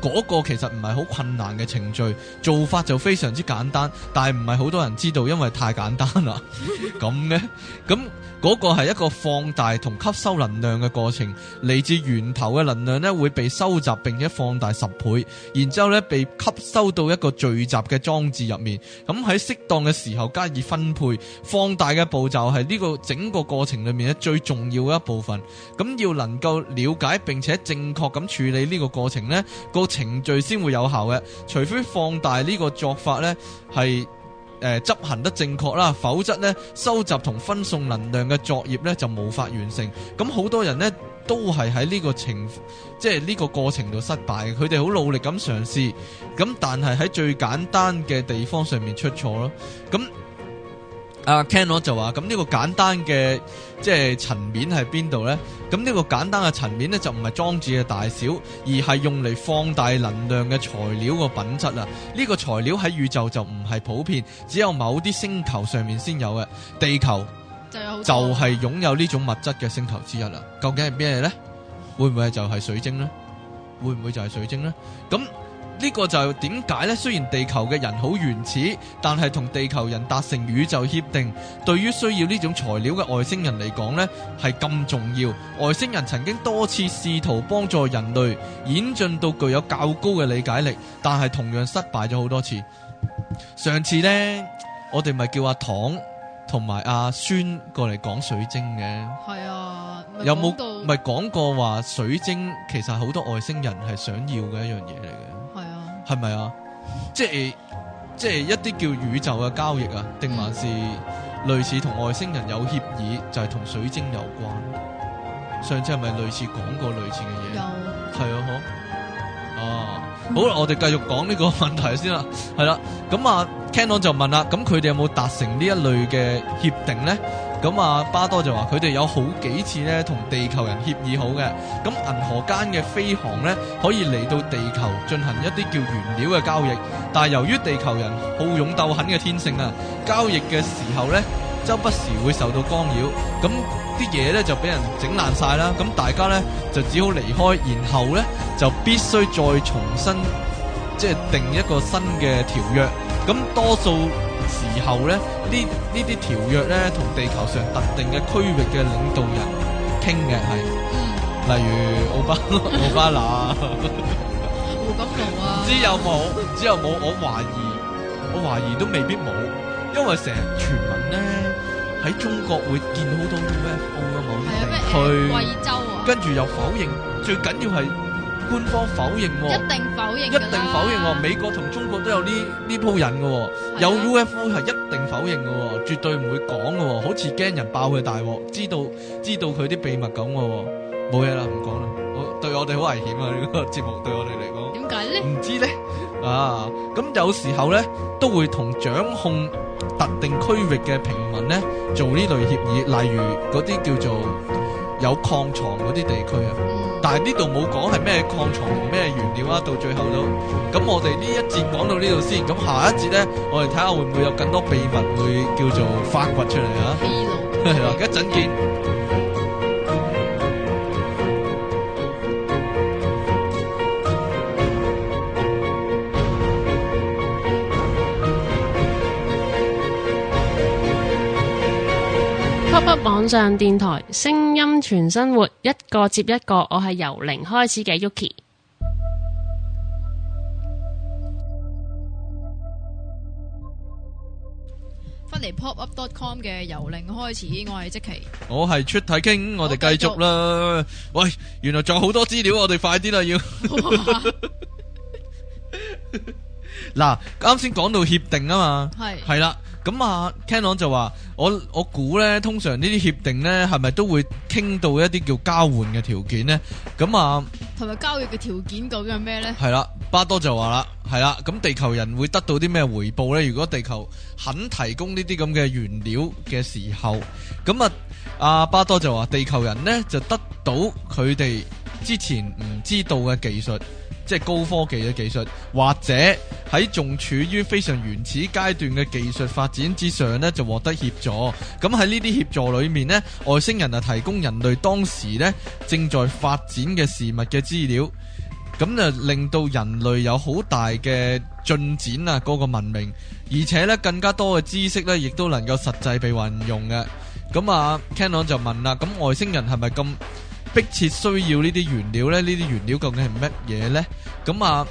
[SPEAKER 1] 嗰個其實唔係好困難嘅程序，做法就非常之簡單，但係唔係好多人知道，因為太簡單啦。咁 嘅。咁。嗰個係一個放大同吸收能量嘅過程，嚟自源頭嘅能量呢會被收集並且放大十倍，然之後呢，被吸收到一個聚集嘅裝置入面，咁喺適當嘅時候加以分配。放大嘅步驟係呢個整個過程裏面咧最重要嘅一部分，咁要能夠了解並且正確咁處理呢個過程呢，個程序先會有效嘅，除非放大呢個作法呢係。誒、呃，執行得正確啦，否則呢收集同分送能量嘅作業呢就無法完成。咁好多人呢都係喺呢個情，即係呢個過程度失敗嘅。佢哋好努力咁嘗試，咁但係喺最簡單嘅地方上面出錯咯。咁啊 Kenlock 就話：咁呢個簡單嘅即係層面係邊度呢？咁呢個簡單嘅層面呢，就唔係裝置嘅大小，而係用嚟放大能量嘅材料個品質啦，啊。呢、呢個材料喺宇宙就唔係普遍，只有某啲星球上面先有嘅。地球就係擁有呢種物質嘅星球之一啦。究竟係咩呢？會唔會就係水晶呢？會唔會就係水晶呢？咁？呢個就點解呢？雖然地球嘅人好原始，但係同地球人達成宇宙協定，對於需要呢種材料嘅外星人嚟講呢，係咁重要。外星人曾經多次試圖幫助人類，演進到具有較高嘅理解力，但係同樣失敗咗好多次。上次呢，我哋咪叫阿唐同埋阿孫過嚟講水晶嘅，係啊，有冇咪講過話水晶其實好多外星人係想要嘅一樣嘢嚟嘅？係咪啊？即係即係一啲叫宇宙嘅交易啊，定還是類似同外星人有協議，就係、是、同水晶有關？上次係咪類似講過類似嘅嘢？有係了啊，啊，啊，好啊，好啦、嗯，我哋繼續講呢個問題先啦。係啦、啊，咁啊，Cannon 就問啦，咁佢哋有冇達成呢一類嘅協定咧？咁啊，巴多就話佢哋有好幾次咧同地球人協議好嘅，咁銀河間嘅飛航咧可以嚟到地球進行一啲叫原料嘅交易，但係由於地球人好勇鬥狠嘅天性啊，交易嘅時候咧周不時會受到干擾，咁啲嘢咧就俾人整爛晒啦，咁大家咧就只好離開，然後咧就必須再重新即係、就是、定一個新嘅條約，咁多數。時候咧，呢呢啲條約咧，同地球上特定嘅區域嘅領導人傾嘅係，例如奧巴馬、奧巴馬，
[SPEAKER 2] 冇咁做啊！唔知有冇，
[SPEAKER 1] 知有冇？我懷疑，我懷疑都未必冇，因為成日傳聞咧喺中國會見好多 UFO 啊，某啲地方，貴州啊，跟住又否認，最緊要係。官方否認喎，一
[SPEAKER 2] 定否認，一定否認喎。
[SPEAKER 1] 美國同中國都有呢呢鋪人嘅喎，哦、是的有 UFO 係一定否認嘅喎，絕對唔會講嘅喎，好似驚人爆佢大鑊，知道知道佢啲秘密咁嘅喎，冇嘢啦，唔講啦。我對我哋好危險啊！呢個節目對我哋嚟講，點
[SPEAKER 2] 解咧？唔知咧。
[SPEAKER 1] 啊，咁有時候咧都會同掌控特定區域嘅平民咧做呢類協議，例如嗰啲叫做有礦藏嗰啲地區啊。嗯但係呢度冇講係咩礦藏同咩原料啊，到最後都咁我哋呢一節講到呢度先。咁下一節咧，我哋睇下會唔會有更多秘密會叫做發掘出嚟啊？係啦、嗯， 一陣見。
[SPEAKER 2] pop up 網上電台聲音全生活，一個接一個，我係由零開始嘅 Yuki，翻嚟, pop up dot com 嘅由零開始，我係積琪，
[SPEAKER 1] 我係出體傾，我哋繼續啦。續喂，原來仲有好多資料，我哋快啲啦，要嗱哇，啱先講到協定啊嘛，係係是啦。咁啊，Kenon 就話，我我估呢，通常呢啲協定呢，係咪都會傾到一啲叫交換嘅條件呢？咁啊，
[SPEAKER 2] 同埋交易嘅條件究竟係咩呢？
[SPEAKER 1] 係啦，巴多就話啦，係啦，咁地球人會得到啲咩回報呢？如果地球肯提供呢啲咁嘅原料嘅時候，咁啊，阿、啊、巴多就話，地球人呢，就得到佢哋之前唔知道嘅技術。即係高科技嘅技術，或者喺仲處於非常原始階段嘅技術發展之上呢，就獲得協助。咁喺呢啲協助裏面呢，外星人就提供人類當時呢正在發展嘅事物嘅資料。咁就令到人類有好大嘅進展啊！嗰個文明，而且呢更加多嘅知識呢，亦都能夠實際被運用嘅。咁啊，Cannon 就問啦：咁外星人係咪咁迫切需要呢啲原料呢？呢啲原料究竟係乜嘢呢？咁啊，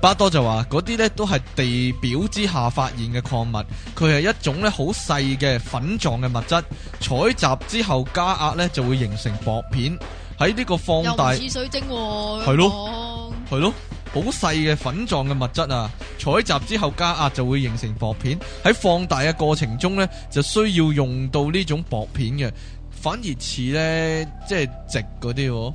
[SPEAKER 1] 巴多就話嗰啲呢都係地表之下發現嘅礦物，佢係一種咧好細嘅粉狀嘅物質，採集之後加壓呢就會形成薄片。喺呢個放大又唔似
[SPEAKER 2] 水晶、哦，係
[SPEAKER 1] 咯，係、嗯、咯，好細嘅粉狀嘅物質啊！採集之後加壓就會形成薄片。喺放大嘅過程中呢，就需要用到呢種薄片嘅。反而似咧，即係直嗰啲，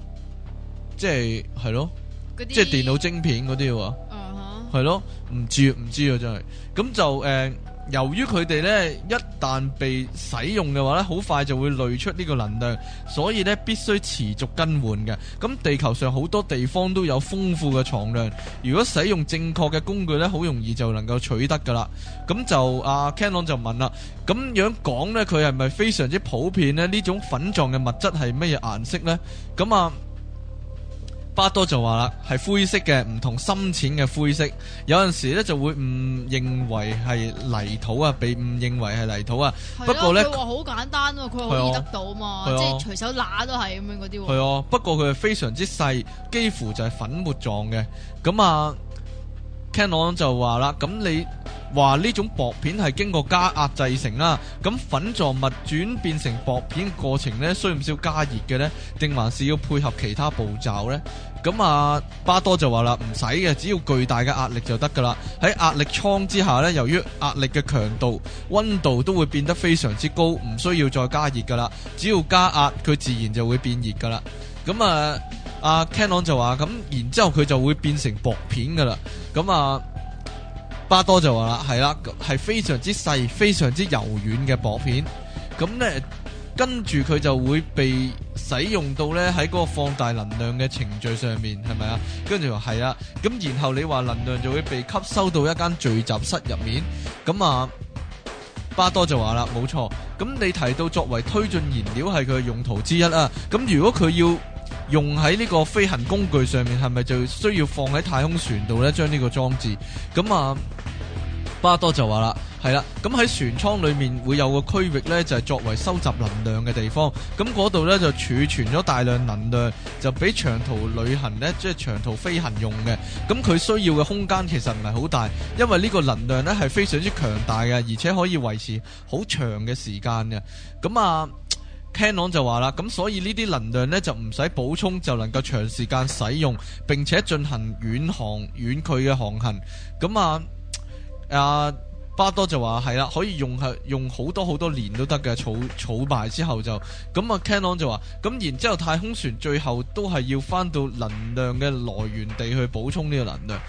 [SPEAKER 1] 即係係咯，些即係電腦晶片嗰啲啊，係、uh huh. 咯，唔知唔知啊，真係，咁就誒。呃由於佢哋咧一旦被使用嘅話咧，好快就會累出呢個能量，所以咧必須持續更換嘅。咁地球上好多地方都有豐富嘅藏量，如果使用正確嘅工具咧，好容易就能夠取得噶啦。咁 就阿 Cannon、啊、就問啦，咁樣講咧，佢係咪非常之普遍咧？呢種粉狀嘅物質係乜嘢顏色呢？嗯」咁啊？巴多就話啦，係灰色嘅，唔同深淺嘅灰色。有陣時咧就會誤認為係泥土，泥土對啊，被誤認為係泥土啊。不過咧，佢話
[SPEAKER 2] 好簡單喎，佢可以得到啊嘛，哦、即係隨手揦都係咁樣嗰啲。係啊、哦，
[SPEAKER 1] 不過佢係非常之細，幾乎就係粉末狀嘅。咁啊，Kenon 就話啦，咁你話呢種薄片係經過加壓製成啦、啊。咁粉狀物轉變成薄片過程咧，需唔需要加熱嘅咧？定還是要配合其他步驟咧？咁啊，巴多就話啦，唔使嘅，只要巨大嘅壓力就得噶啦。喺壓力艙之下呢，由於壓力嘅強度、温度都會變得非常之高，唔需要再加熱噶啦。只要加壓，佢自然就會變熱噶啦。咁啊，阿、啊、Kenon 就話，咁然之後佢就會變成薄片噶啦。咁啊，巴多就話啦，係啦，係非常之細、非常之柔軟嘅薄片。咁呢。跟住佢就會被使用到呢，喺嗰個放大能量嘅程序上面，係咪啊？跟住話係啊，咁然後你話能量就會被吸收到一間聚集室入面，咁啊，巴多就話啦，冇錯。咁你提到作為推進燃料係佢嘅用途之一啦，咁如果佢要用喺呢個飛行工具上面，係咪就需要放喺太空船度呢？將呢個裝置？咁啊，巴多就話啦。係啦，咁喺船艙裏面會有個區域呢，就係作為收集能量嘅地方。咁嗰度呢，就儲存咗大量能量，就俾長途旅行呢即係長途飛行用嘅。咁佢需要嘅空間其實唔係好大，因為呢個能量呢係非常之強大嘅，而且可以維持好長嘅時間嘅。咁啊，Kenon 就話啦，咁所以呢啲能量呢，就唔使補充就能夠長時間使用，並且進行遠航遠距嘅航行。咁啊，啊。巴多就話：係啦，可以用用好多好多年都得嘅，儲儲埋之後就咁啊。Canon 就話：咁然之後太空船最後都係要翻到能量嘅來源地去補充呢個能量。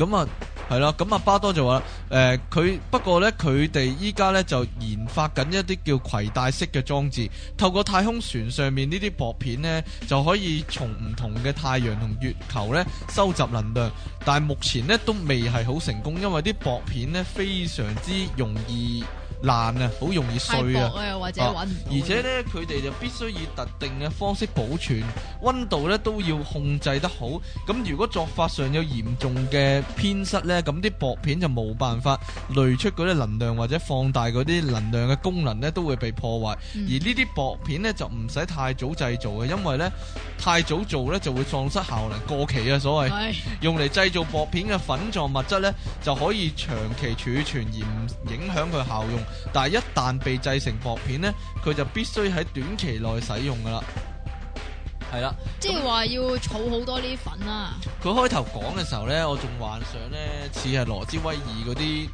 [SPEAKER 1] 咁啊，係啦，咁啊巴多就話，誒、呃，佢不過呢，佢哋依家呢就研發緊一啲叫攜帶式嘅裝置，透過太空船上面呢啲薄片呢，就可以從唔同嘅太陽同月球呢收集能量，但係目前呢都未係好成功，因為啲薄片呢非常之容易。爛啊，好容易碎啊，或者啊！而且呢，佢哋就必須以特定嘅方式保存，溫度呢都要控制得好。咁如果作法上有嚴重嘅偏失呢，咁啲薄片就冇辦法濾出嗰啲能量或者放大嗰啲能量嘅功能呢都會被破壞。嗯、而呢啲薄片呢就唔使太早製造嘅，因為呢太早做呢就會喪失效能，過期啊，所謂 用嚟製造薄片嘅粉狀物質呢，就可以長期儲存而唔影響佢效用。但係一旦被製成薄片咧，佢就必須喺短期內使用噶啦，係啦，
[SPEAKER 2] 即係話要儲好多呢粉啦、
[SPEAKER 1] 啊。佢開頭講嘅時候咧，我仲幻想咧似係羅茲威爾嗰啲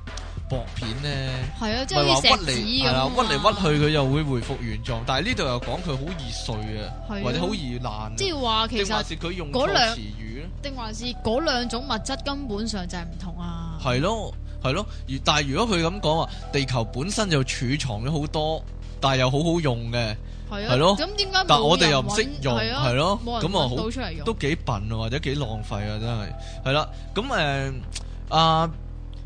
[SPEAKER 1] 薄片咧，係、就是、啊，即係話屈嚟，係啊，屈嚟屈去佢又會回復原狀。但係呢度又講佢好易碎啊，了或者好易爛。即係話其實佢用兩詞語咧，
[SPEAKER 2] 定還是嗰兩種物質根本上就係唔同啊？
[SPEAKER 1] 係咯。係咯，而但係如果佢咁講話，地球本身就儲藏咗好多，但係又好好用嘅，係咯的。咁點解？是的但，但我哋又唔識用，係咯。冇人攞出嚟用。都幾笨，或者幾浪費、呃、啊，真係。係啦，咁誒，阿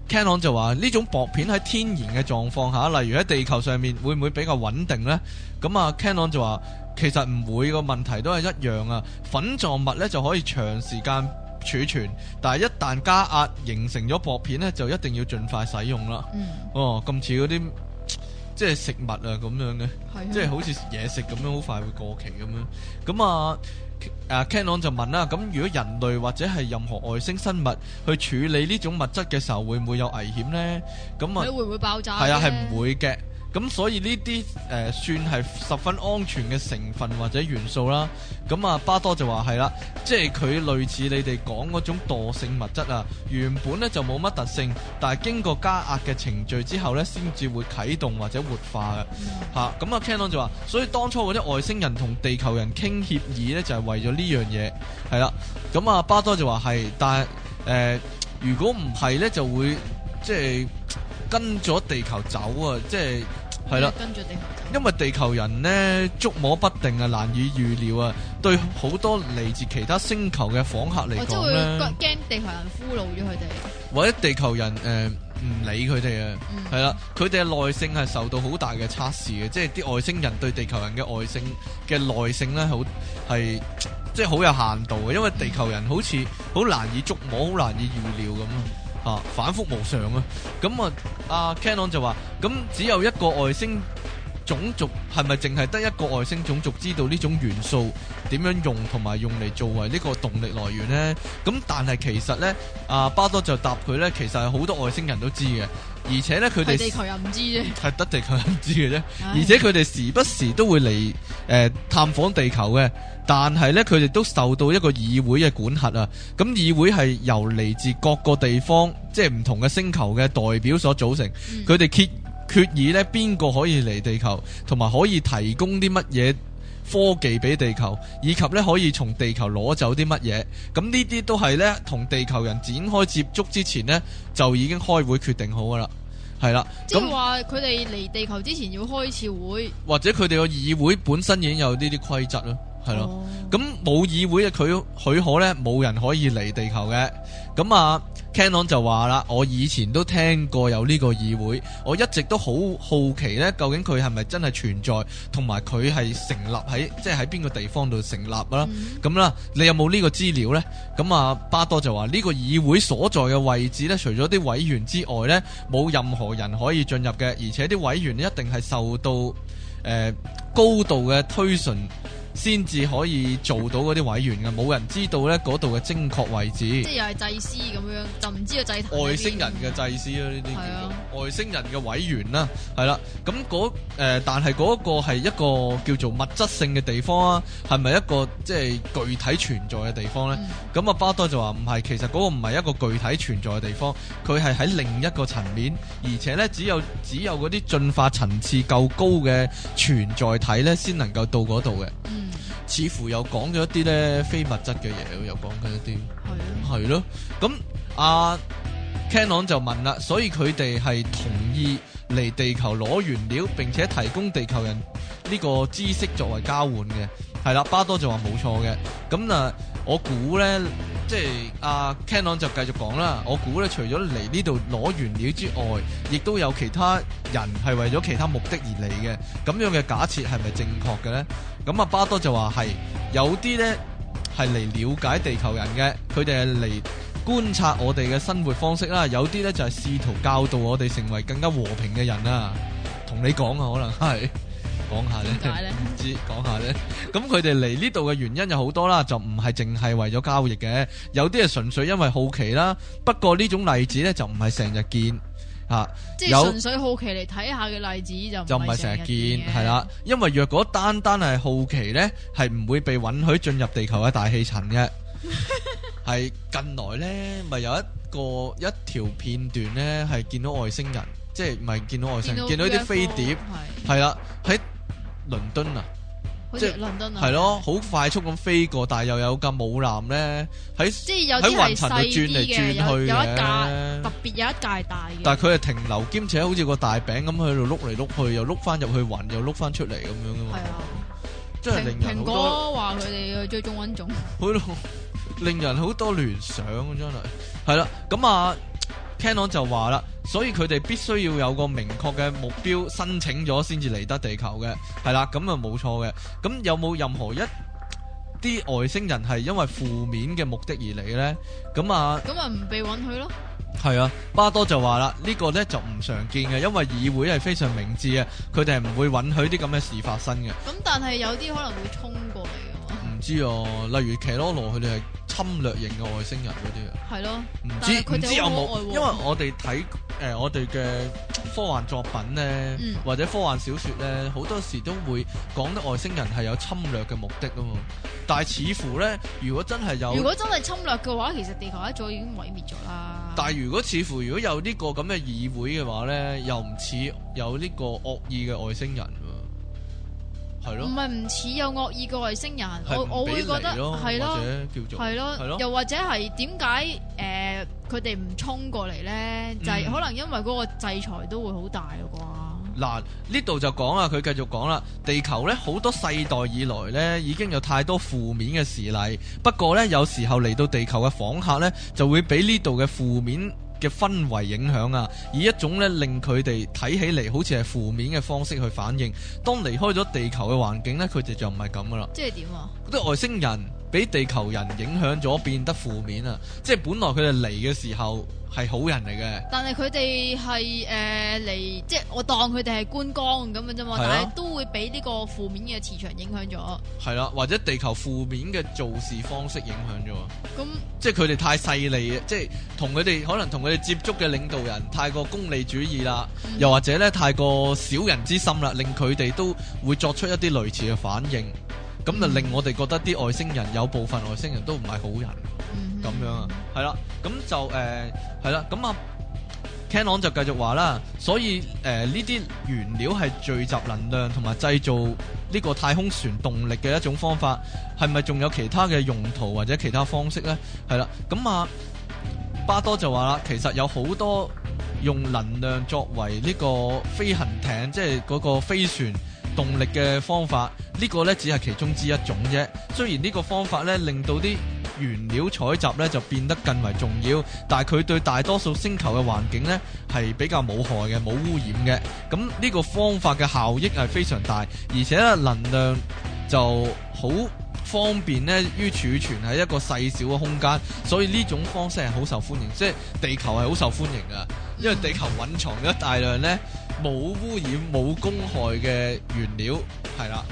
[SPEAKER 1] Canon 就話：呢種薄片喺天然嘅狀況下，例如喺地球上面，會唔會比較穩定呢？咁啊，Canon 就話：其實唔會，個問題都係一樣啊。粉狀物咧就可以長時間儲存，但係一旦加壓形成咗薄片咧，就一定要盡快使用啦。嗯，哦，咁似嗰啲即係食物啊，咁樣嘅，即係好似嘢食咁樣，好快會過期咁樣。咁啊，啊 Cannon 就問啦，咁如果人類或者係任何外星生物去處理呢種物質嘅時候，會唔會有危險咧？咁啊，會唔
[SPEAKER 2] 會爆炸？係啊，係唔
[SPEAKER 1] 會嘅。咁所以呢啲誒算係十分安全嘅成分或者元素啦。咁啊巴多就話係啦，即係佢類似你哋講嗰種惰性物質啊，原本咧就冇乜特性，但係經過加壓嘅程序之後咧，先至會啟動或者活化嘅。嚇、嗯，咁啊，啊 Canon 就話，所以當初嗰啲外星人同地球人傾協議咧，就係、係、為咗呢樣嘢，係啦。咁啊巴多就話係，但係誒、呃，如果唔係咧，就會即係跟咗地球走啊，即係。係啦，因為地球人咧捉摸不定啊，難以預料啊，對好多嚟自其他星球嘅訪客嚟講咧，
[SPEAKER 2] 驚地球人俘虜咗佢哋，
[SPEAKER 1] 或者地球人誒唔、呃、理佢哋啊，係啦，佢哋嘅耐性係受到好大嘅測試嘅，即係啲外星人對地球人嘅外星嘅耐性咧，好係即係好有限度嘅，因為地球人好似好難以捉摸，好難以預料咁啊，反覆無常啊！咁啊，阿、啊、Canon 就話，咁只有一個外星種族係咪淨係得一個外星種族知道呢種元素點樣用同埋用嚟作為呢個動力來源呢？咁但係其實呢，阿、啊、巴多就答佢呢，其實係好多外星人都知嘅，而且呢，佢哋地球
[SPEAKER 2] 又唔知啫，
[SPEAKER 1] 係得地球唔知嘅啫，而且佢哋時不時都會嚟誒、呃、探訪地球嘅。但係呢佢哋都受到一個議會嘅管轄啊！咁議會係由嚟自各個地方，即係唔同嘅星球嘅代表所組成。佢哋決決議呢邊個可以嚟地球，同埋可以提供啲乜嘢科技俾地球，以及呢可以從地球攞走啲乜嘢。咁呢啲都係呢同地球人展開接觸之前呢，就已經開會決定好噶啦。係啦，咁
[SPEAKER 2] 話佢哋嚟地球之前要開次會，
[SPEAKER 1] 或者佢哋個議會本身已經有呢啲規則啦。係咯，咁冇、哦嗯、議會嘅佢許可呢，冇人可以嚟地球嘅。咁啊 Canon 就話啦，我以前都聽過有呢個議會，我一直都好好奇呢，究竟佢係咪真係存在，同埋佢係成立喺即係喺邊個地方度成立啦？咁啦、嗯嗯，你有冇呢個資料呢？咁啊，巴多就話呢、這個議會所在嘅位置呢，除咗啲委員之外呢，冇任何人可以進入嘅，而且啲委員一定係受到、呃、高度嘅推崇。先至可以做到嗰啲委員嘅，冇人知道咧嗰度嘅精確位置。即
[SPEAKER 2] 係又係祭司咁樣，就唔知道祭壇。外星人
[SPEAKER 1] 嘅祭司啦，呢啲叫做、啊、外星人嘅委員啦，係啦。咁嗰誒，但係嗰個係一個叫做物質性嘅地方啊，係咪一個即係、就是、具體存在嘅地方咧？咁啊、嗯、巴多就話唔係，其實嗰個唔係一個具體存在嘅地方，佢係喺另一個層面，而且咧只有只有嗰啲進化層次夠高嘅存在體咧，先能夠到嗰度嘅。嗯。似乎又講咗一啲咧非物質嘅嘢，又講緊一啲，係咯，係咯，咁阿 Canon 就問啦，所以佢哋係同意嚟地球攞原料，並且提供地球人呢個知識作為交換嘅。係啦，巴多就話冇錯嘅，咁啊，我估呢，即係阿 Canon 就繼續講啦，我估呢，除咗嚟呢度攞原料之外，亦都有其他人係為咗其他目的而嚟嘅，咁樣嘅假設係咪正確嘅呢？咁啊，巴多就話，係有啲呢係嚟了解地球人嘅，佢哋係嚟觀察我哋嘅生活方式啦，有啲呢就係、是、試圖教導我哋成為更加和平嘅人啦，同你講啊，可能係。講下咧，點解咧？唔知講下咧。咁佢哋嚟呢度嘅原因有好多啦，就唔係淨係為咗交易嘅，有啲係純粹因為好奇啦。不過呢種例子咧，就唔係成日見吓，即係純粹
[SPEAKER 2] 好奇嚟睇下嘅例子就就唔係成日見係啦。
[SPEAKER 1] 因為若果單單係好奇咧，係唔會被允許進入地球嘅大氣層嘅。係近來咧，咪有一個一條片段咧，係見到外星人，即係唔係見到外星人，見到啲飛碟係啦喺。倫敦啊，
[SPEAKER 2] 即係倫敦啊，係咯，
[SPEAKER 1] 好快速咁飛過，但係又有架母艦咧喺，即係有啲轉嚟轉去嘅，有一架
[SPEAKER 2] 特別有一架大嘅，但係佢
[SPEAKER 1] 係停留，兼且好似個大餅咁，佢喺度碌嚟碌去，又碌翻入去雲，又碌翻出嚟咁樣噶嘛，係啊，即係令人蘋果
[SPEAKER 2] 話佢哋最追蹤溫總，
[SPEAKER 1] 好令人好多聯想真係係啦，咁啊。聽講就話啦，所以佢哋必須要有個明確嘅目標，申請咗先至嚟得地球嘅，係啦，咁啊冇錯嘅。咁有冇任何一啲外星人係因為負面嘅目的而嚟嘅呢？咁啊，
[SPEAKER 2] 咁啊唔被允許咯。
[SPEAKER 1] 係啊，巴多就話啦，呢個呢就唔常見嘅，因為議會係非常明智嘅，佢哋係唔會允許啲咁嘅事發生嘅。咁
[SPEAKER 2] 但係有啲可能會衝過嚟。
[SPEAKER 1] 唔知、啊、例如騎羅羅佢哋係侵略型嘅外星人嗰啲啊，係咯的，唔知唔知有冇？因為我哋睇誒我哋嘅科幻作品呢，嗯、或者科幻小説呢，好多時都會講得外星人係有侵略嘅目的㗎嘛。但係似乎呢，如果真係有，如果真
[SPEAKER 2] 係侵略嘅話，其實地球一早已經毀滅咗啦。
[SPEAKER 1] 但係如果似乎如果有呢個咁嘅議會嘅話呢，又唔似有呢個惡意嘅外星人。唔
[SPEAKER 2] 係唔似有惡意嘅外星人，我我會覺得係咯，
[SPEAKER 1] 係咯了，又或
[SPEAKER 2] 者係點解誒佢哋唔衝過嚟呢？嗯，就係可能因為嗰個制裁都會好大啩。
[SPEAKER 1] 嗱，呢度就講啦，佢繼續講啦，地球呢，好多世代以來呢，已經有太多負面嘅事例，不過呢，有時候嚟到地球嘅訪客呢，就會俾呢度嘅負面嘅氛圍影響啊，以一種咧令佢哋睇起嚟好似係負面嘅方式去反應。當離開咗地球嘅環境咧，佢哋就唔係咁噶啦。
[SPEAKER 2] 即係點啊？嗰啲
[SPEAKER 1] 外星人。俾地球人影響咗變得負面、呃、啊！即係本來佢哋嚟嘅時候係好人嚟嘅，
[SPEAKER 2] 但係佢哋係誒嚟，即係我當佢哋係觀光咁嘅啫嘛，但係都會俾呢個負面嘅磁場影響咗。
[SPEAKER 1] 係啦、啊，或者地球負面嘅做事方式影響咗。咁那即係佢哋太勢利，即係同佢哋可能同佢哋接觸嘅領導人太過功利主義啦，那又或者咧太過小人之心啦，令佢哋都會作出一啲類似嘅反應。咁就令我哋覺得啲外星人有部分外星人都唔係好人，咁、mm hmm. 樣啊，係啦，咁就誒係啦，咁、呃、啊，Canon 就繼續話啦，所以誒呢啲原料係聚集能量同埋製造呢個太空船動力嘅一種方法，係咪仲有其他嘅用途或者其他方式呢？係啦，咁啊，巴多就話啦，其實有好多用能量作為呢個飛行艇，即係嗰個飛船。動力嘅方法呢，呢個呢，只係其中之一種啫。雖然呢個方法呢，令到啲原料採集呢，就變得更為重要，但係佢對大多數星球嘅環境呢，係比較冇害嘅，冇污染嘅。咁呢個方法嘅效益係非常大，而且呢，能量就好方便呢，於儲存喺一個細小嘅空間，所以呢種方式係好受歡迎，即係地球係好受歡迎嘅，因為地球蘊藏咗大量呢。冇污染、冇公害嘅原料係啦，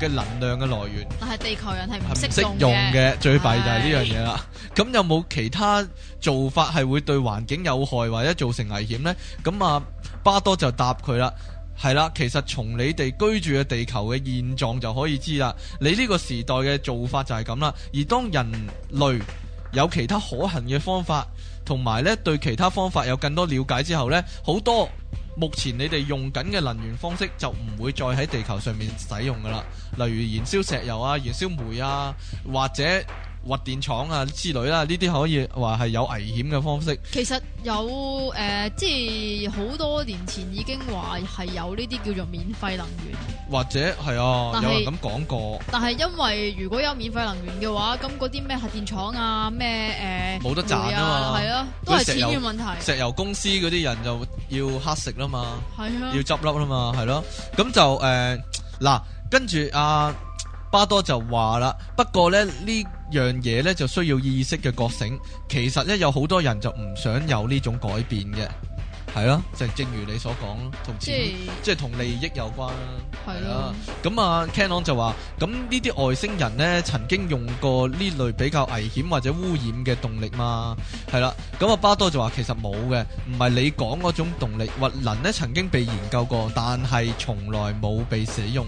[SPEAKER 1] 嘅、嗯、能量嘅來源，
[SPEAKER 2] 但係地球人係唔識用嘅，用的最弊就係呢樣嘢
[SPEAKER 1] 啦。咁的有冇其他做法係會對環境有害或者造成危險呢？咁啊，巴多就答佢啦，係啦，其實從你哋居住嘅地球嘅現狀就可以知啦。你呢個時代嘅做法就係咁啦。而當人類有其他可行嘅方法，同埋呢對其他方法有更多了解之後呢，好多。目前你哋用緊嘅能源方式就唔會再喺地球上面使用㗎喇，例如燃燒石油啊、燃燒煤啊，或者，核電廠啊之類啦，呢啲可以話係有危險嘅方式。
[SPEAKER 2] 其實有誒、呃，即係好多年前已經話係有呢啲叫做免費能源，
[SPEAKER 1] 或者係啊，是有人咁講過。
[SPEAKER 2] 但係因為如果有免費能源嘅話，咁嗰啲咩核電廠啊，咩誒冇得賺啊嘛，係咯、啊啊啊，都係錢嘅問題。石
[SPEAKER 1] 油公司嗰啲人就要黑食啦嘛，係啊，要執笠啦嘛，係咯、啊。咁就誒嗱、呃，跟住啊，巴多就話啦，不過咧呢。這樣嘢咧就需要意識嘅覺醒，其實咧有好多人就唔想有呢種改變嘅，咯、啊，就是、正如你所講，同以即係同利益有關，係啦咁啊，Canon、啊啊、就話，咁呢啲外星人呢曾經用過呢類比較危險或者污染嘅動力嘛，係啦、啊。咁阿巴多就話其實冇嘅，唔係你講嗰種動力。核能呢曾經被研究過，但係從來冇被使用。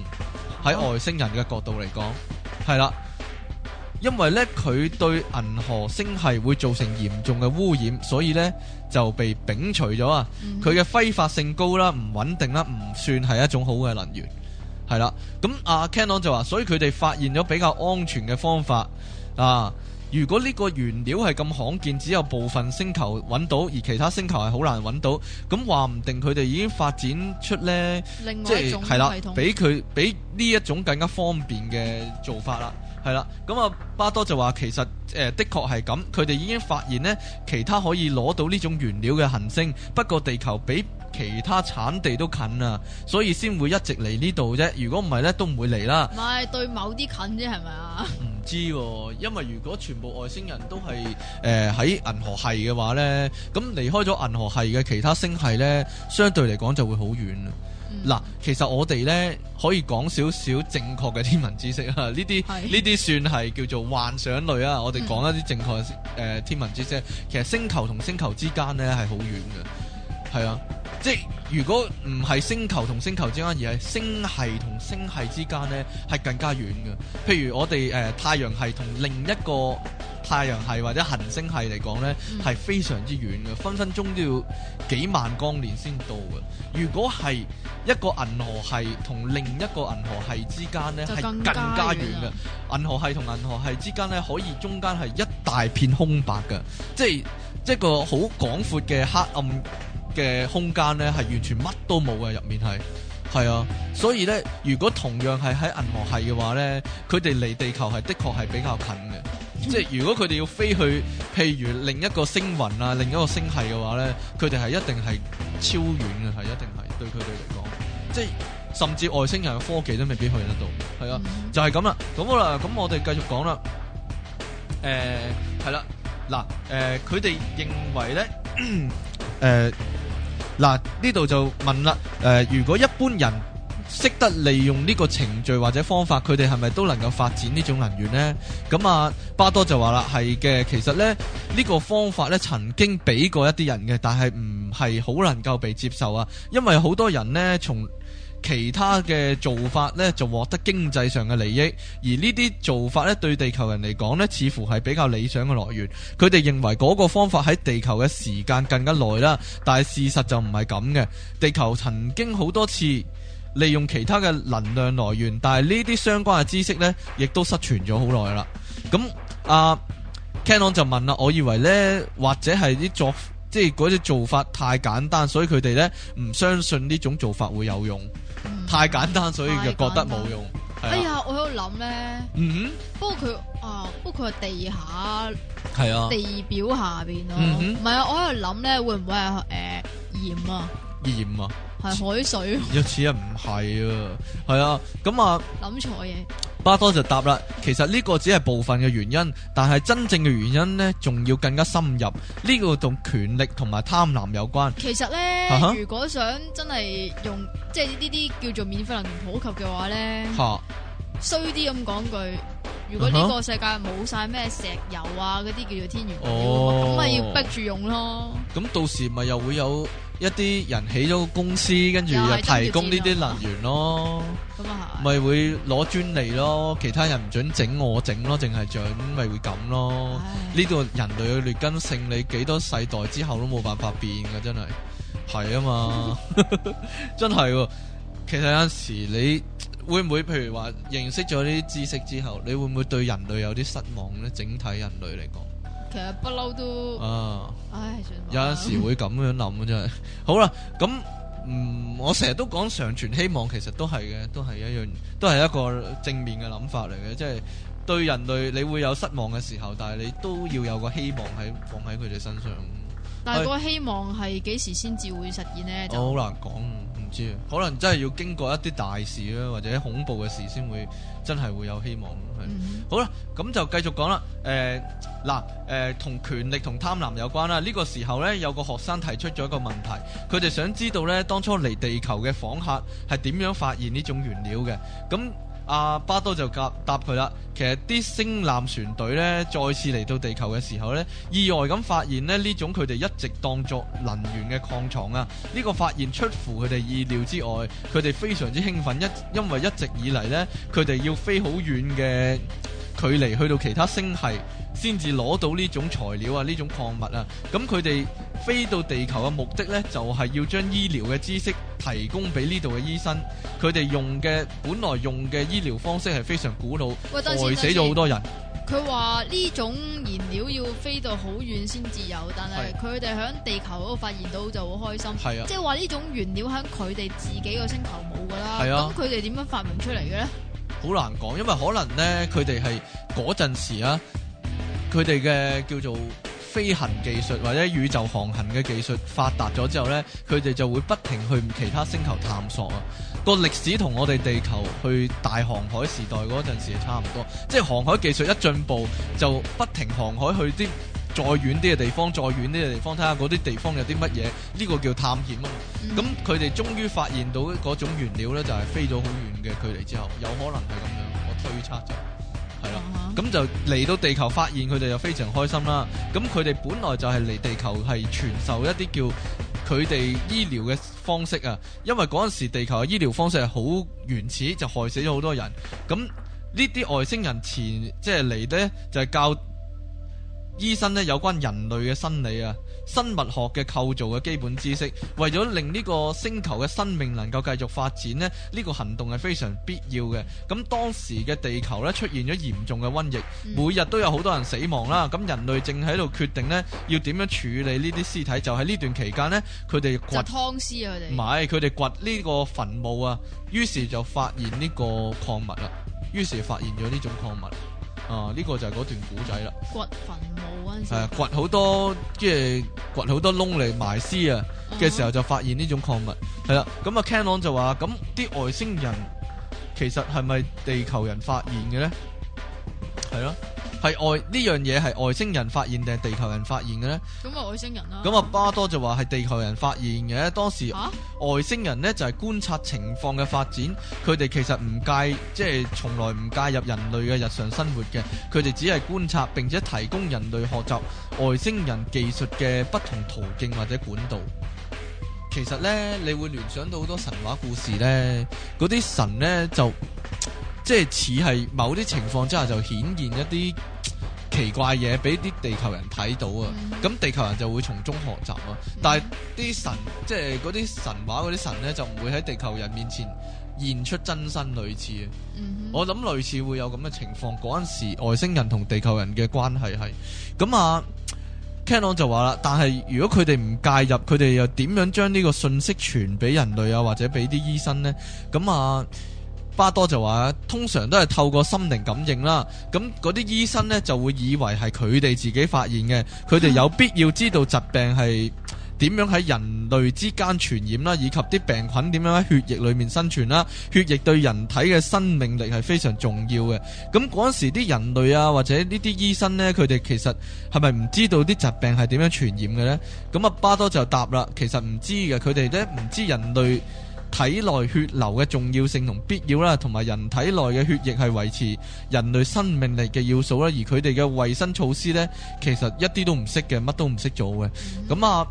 [SPEAKER 1] 喺、嗯、外星人嘅角度嚟講，係啦、啊。因為咧，佢對銀河星系會造成嚴重嘅污染，所以咧就被摒除咗啊！佢嘅揮發性高啦，唔穩定啦，唔算係一種好嘅能源，係啦。咁阿、啊、Cannon 就話，所以佢哋發現咗比較安全嘅方法啊！如果呢個原料係咁罕見，只有部分星球揾到，而其他星球係好難揾到，咁話唔定佢哋已經發展出呢，即係係啦、就是，比佢比呢一種更加方便嘅做法啦。係啦，咁啊巴多就話其實誒、呃、的確係咁，佢哋已經發現呢其他可以攞到呢種原料嘅行星，不過地球比其他產地都近啊，所以先會一直嚟呢度啫。如果唔係呢，都唔會嚟啦。
[SPEAKER 2] 唔係對某啲近啫，係咪啊？
[SPEAKER 1] 唔知，因為如果全部外星人都係誒喺銀河系嘅話呢，咁離開咗銀河系嘅其他星系呢，相對嚟講就會好遠。嗱，其實我哋咧可以講少少正確嘅天文知識啊，呢啲呢啲算係叫做幻想類啊。我哋講一啲正確誒天文知識，其實星球同星球之間咧係好遠嘅，係啊，即係如果唔係星球同星球之間，而係星系同星系之間咧，係更加遠嘅。譬如我哋誒太陽系同另一個。太陽系或者行星系嚟講呢係、嗯、非常之遠嘅，分分鐘都要幾萬光年先到嘅。如果係一個銀河系同另一個銀河系之間呢係更加遠嘅。銀河系同銀河系之間呢可以中間係一大片空白嘅，即係一個好廣闊嘅黑暗嘅空間呢係完全乜都冇嘅入面係。係啊，所以呢，如果同樣係喺銀河系嘅話呢佢哋離地球係的確係比較近嘅。即係如果佢哋要飛去譬如另一個星雲啊，另一個星系嘅話咧，佢哋係一定係超遠嘅，係一定係對佢哋嚟講，即係甚至外星人嘅科技都未必去得到，係啊，就係咁啦。咁好啦，咁我哋繼續講啦。誒，係啦，嗱，誒，佢哋認為咧，誒，嗱，呢度就問啦，誒，如果一般人。識得利用呢個程序或者方法，佢哋係咪都能夠發展呢種能源呢？咁啊，巴多就話啦，係嘅。其實呢，呢個方法呢曾經俾過一啲人嘅，但係唔係好能夠被接受啊。因為好多人呢，從其他嘅做法呢，就獲得經濟上嘅利益，而呢啲做法呢，對地球人嚟講呢，似乎係比較理想嘅來源。佢哋認為嗰個方法喺地球嘅時間更加耐啦，但係事實就唔係咁嘅。地球曾經好多次。利用其他嘅能量來源，但係呢啲相關嘅知識咧，亦都失傳咗好耐啦。咁啊，Canon 就問啦，我以為咧，或者係啲作，即係嗰啲做法太簡單，所以佢哋咧唔相信呢種做法會有用，嗯、太簡單，所以就覺得冇用。啊、哎呀，我喺
[SPEAKER 2] 度諗咧，嗯哼，不過佢啊，不過佢話地下，係啊，地表下面，啊，唔係、嗯、哼啊，我喺度諗咧，會唔會係誒鹽啊，
[SPEAKER 1] 鹽啊？
[SPEAKER 2] 係海水，有
[SPEAKER 1] 似啊唔係啊，係啊，咁啊諗錯嘢。巴多就答啦，其實呢個只係部分嘅原因，但係真正嘅原因呢，仲要更加深入。呢、呢個同權力同埋貪婪有關。其
[SPEAKER 2] 實呢，uh huh? 如果想真係用，即係呢啲叫做免費能源普及嘅話吓、uh huh? 衰啲咁講句，
[SPEAKER 1] 如果呢個世
[SPEAKER 2] 界冇晒咩石油啊，嗰啲叫做天然，咁咪、oh. 要逼住用咯。
[SPEAKER 1] 咁到時咪又會有。一啲人起咗個公司，跟住又提供呢啲能源咯，咪會攞專利咯，其他人唔准整我整咯，淨係准咪會咁咯。呢度唉人類嘅劣根性，你幾多世代之後都冇辦法變㗎，真係係啊嘛， 真係。其實有陣時你會唔會，譬如話認識咗呢啲知識之後，你會唔會對人類有啲失望呢？整體人類嚟講。
[SPEAKER 2] 其實不嬲都啊，唉，有陣時會
[SPEAKER 1] 咁樣諗，真係。好啦，咁嗯，我成日都講上傳希望，其實都係嘅，都係一樣，都係一個正面嘅諗法嚟嘅。即係對人類你會有失望嘅時候，但係你都要有個希望喺放喺佢哋身上。但係個
[SPEAKER 2] 希望係幾時先至會實現呢，就好
[SPEAKER 1] 難講。可能真係要經過一啲大事或者恐怖嘅事先會真係會有希望。嗯、哼好啦，咁就繼續講啦。嗱、呃，同、呃呃呃、權力同貪婪有關啦。呢、呢個時候呢，有個學生提出咗一個問題，佢哋想知道呢，當初嚟地球嘅訪客係點樣發現呢種原料嘅？咁、嗯阿、啊、巴多就答答佢啦，其實啲星艦船隊呢，再次嚟到地球嘅時候呢，意外咁發現呢，呢種佢哋一直當作能源嘅礦床啊！呢、呢個發現出乎佢哋意料之外，佢哋非常之興奮，一因為一直以嚟呢，佢哋要飛好遠嘅。距離去到其他星系，先至攞到呢種材料啊，呢種礦物啊。咁佢哋飛到地球嘅目的咧，就係要將醫療嘅知識提供俾呢度嘅醫生。佢哋用嘅本來用嘅醫療方式係非常古老，喂害死咗好多人。
[SPEAKER 2] 佢話呢種燃料要飛到好遠先至有，但係佢哋喺地球嗰度發現到就好開心。即係話呢種原料喺佢哋自己個星球冇㗎啦。咁佢哋點樣發明出嚟嘅咧？
[SPEAKER 1] 好難講，因為可能呢，佢哋係嗰陣時啊，佢哋嘅叫做飛行技術或者宇宙航行嘅技術發達咗之後呢，佢哋就會不停去其他星球探索啊。個歷史同我哋地球去大航海時代嗰陣時係差唔多，即係航海技術一進步就不停航海去啲，再遠啲嘅地方，再遠啲嘅地方，睇下嗰啲地方有啲乜嘢？呢個叫探險啊！咁佢哋終於發現到嗰種原料呢，就係飛咗好遠嘅距離之後，有可能係咁樣，我推測咗，係啦。咁、嗯、哼就嚟到地球發現佢哋就非常開心啦。咁佢哋本來就係嚟地球係傳授一啲叫佢哋醫療嘅方式啊。因為嗰陣時地球嘅醫療方式係好原始，就害死咗好多人。咁呢啲外星人前即係嚟呢就係教。醫生咧有關人類嘅生理啊、生物學嘅構造嘅基本知識，為咗令呢個星球嘅生命能夠繼續發展咧，呢、呢個行動係非常必要嘅。咁當時嘅地球咧，出現咗嚴重嘅瘟疫，每日都有好多人死亡啦。咁、嗯、人類正喺度決定咧要點樣處理呢啲屍體。就喺呢段期間咧，佢哋掘
[SPEAKER 2] 湯屍啊，佢哋唔
[SPEAKER 1] 係，佢哋掘呢個墳墓啊。於是就發現呢個礦物啦，於是發現咗呢種礦物。哦，呢個就係嗰段古仔啦。掘墳墓嗰
[SPEAKER 2] 陣
[SPEAKER 1] 時係啊，掘好多即係掘好多窿嚟埋屍啊嘅時候，就發現呢種礦物係啦。咁啊，Canon 就話，咁啲外星人其實係咪地球人發現嘅咧？係咯。係外呢樣嘢，係外星人發現定係地球人發現嘅呢？
[SPEAKER 2] 咁啊，外星人啦。咁，嗯，
[SPEAKER 1] 巴多就話係地球人發現嘅。當時、啊、外星人呢，就係、是、觀察情況嘅發展，佢哋其實唔介，即、就、係、是、從來唔介入人類嘅日常生活嘅。佢哋只係觀察，並且提供人類學習外星人技術嘅不同途徑或者管道。其實呢，你會聯想到好多神話故事呢，嗰啲神呢就。即係似係某啲情況之下，就顯現一啲奇怪嘢俾啲地球人睇到啊！咁的地球人就會從中學習啊。是的但係啲神，即係嗰啲神話嗰啲神呢，就唔會喺地球人面前現出真身類似啊。嗯、哼我諗類似會有咁嘅情況。嗰陣時外星人同地球人嘅關係係咁啊。Canon 就話啦，但係如果佢哋唔介入，佢哋又點樣將呢個信息傳俾人類啊，或者俾啲醫生呢？」咁啊。巴多就話，通常都係透過心靈感應啦，咁嗰啲醫生呢，就會以為係佢哋自己發現嘅，佢哋有必要知道疾病係點樣喺人類之間傳染啦，以及啲病菌點樣喺血液裏面生存啦。血液對人體嘅生命力係非常重要嘅。咁嗰時啲人類啊，或者呢啲醫生呢，佢哋其實係咪唔知道啲疾病係點樣傳染嘅呢？咁阿巴多就答啦，其實唔知嘅，佢哋咧唔知人類。體內血流嘅重要性同必要啦，同埋人體內嘅血液係維持人類生命力嘅要素啦。而佢哋嘅衛生措施呢，其實一啲都唔識嘅，乜都唔識做嘅。咁、嗯、啊，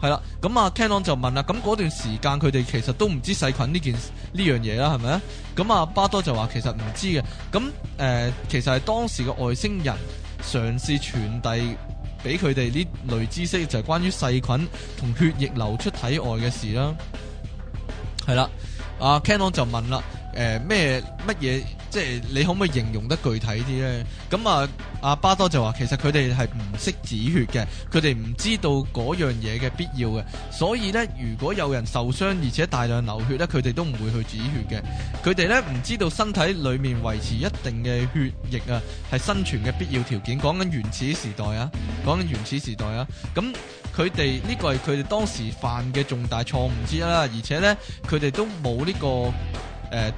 [SPEAKER 1] 係啦，咁啊，Canon 就問啦，咁嗰段時間佢哋其實都唔知細菌呢件事呢樣嘢啦，係咪啊？咁啊，巴多就話其實唔知嘅。咁誒、呃，其實係當時嘅外星人嘗試傳遞俾佢哋呢類知識，就係、是、關於細菌同血液流出體外嘅事啦。係啦，阿 Canon、啊、就問啦，誒咩乜嘢？即係你可唔可以形容得具體啲呢？」咁啊，阿巴多就話，其實佢哋係唔識止血嘅，佢哋唔知道嗰樣嘢嘅必要嘅，所以呢，如果有人受傷而且大量流血呢，佢哋都唔會去止血嘅，佢哋呢，唔知道身體裏面維持一定嘅血液啊，係生存嘅必要條件。講緊原始時代啊，講緊原始時代啊，咁。佢哋呢個係佢哋當時犯嘅重大錯誤之一啦，而且咧，佢哋都冇呢、呢個誒、呃，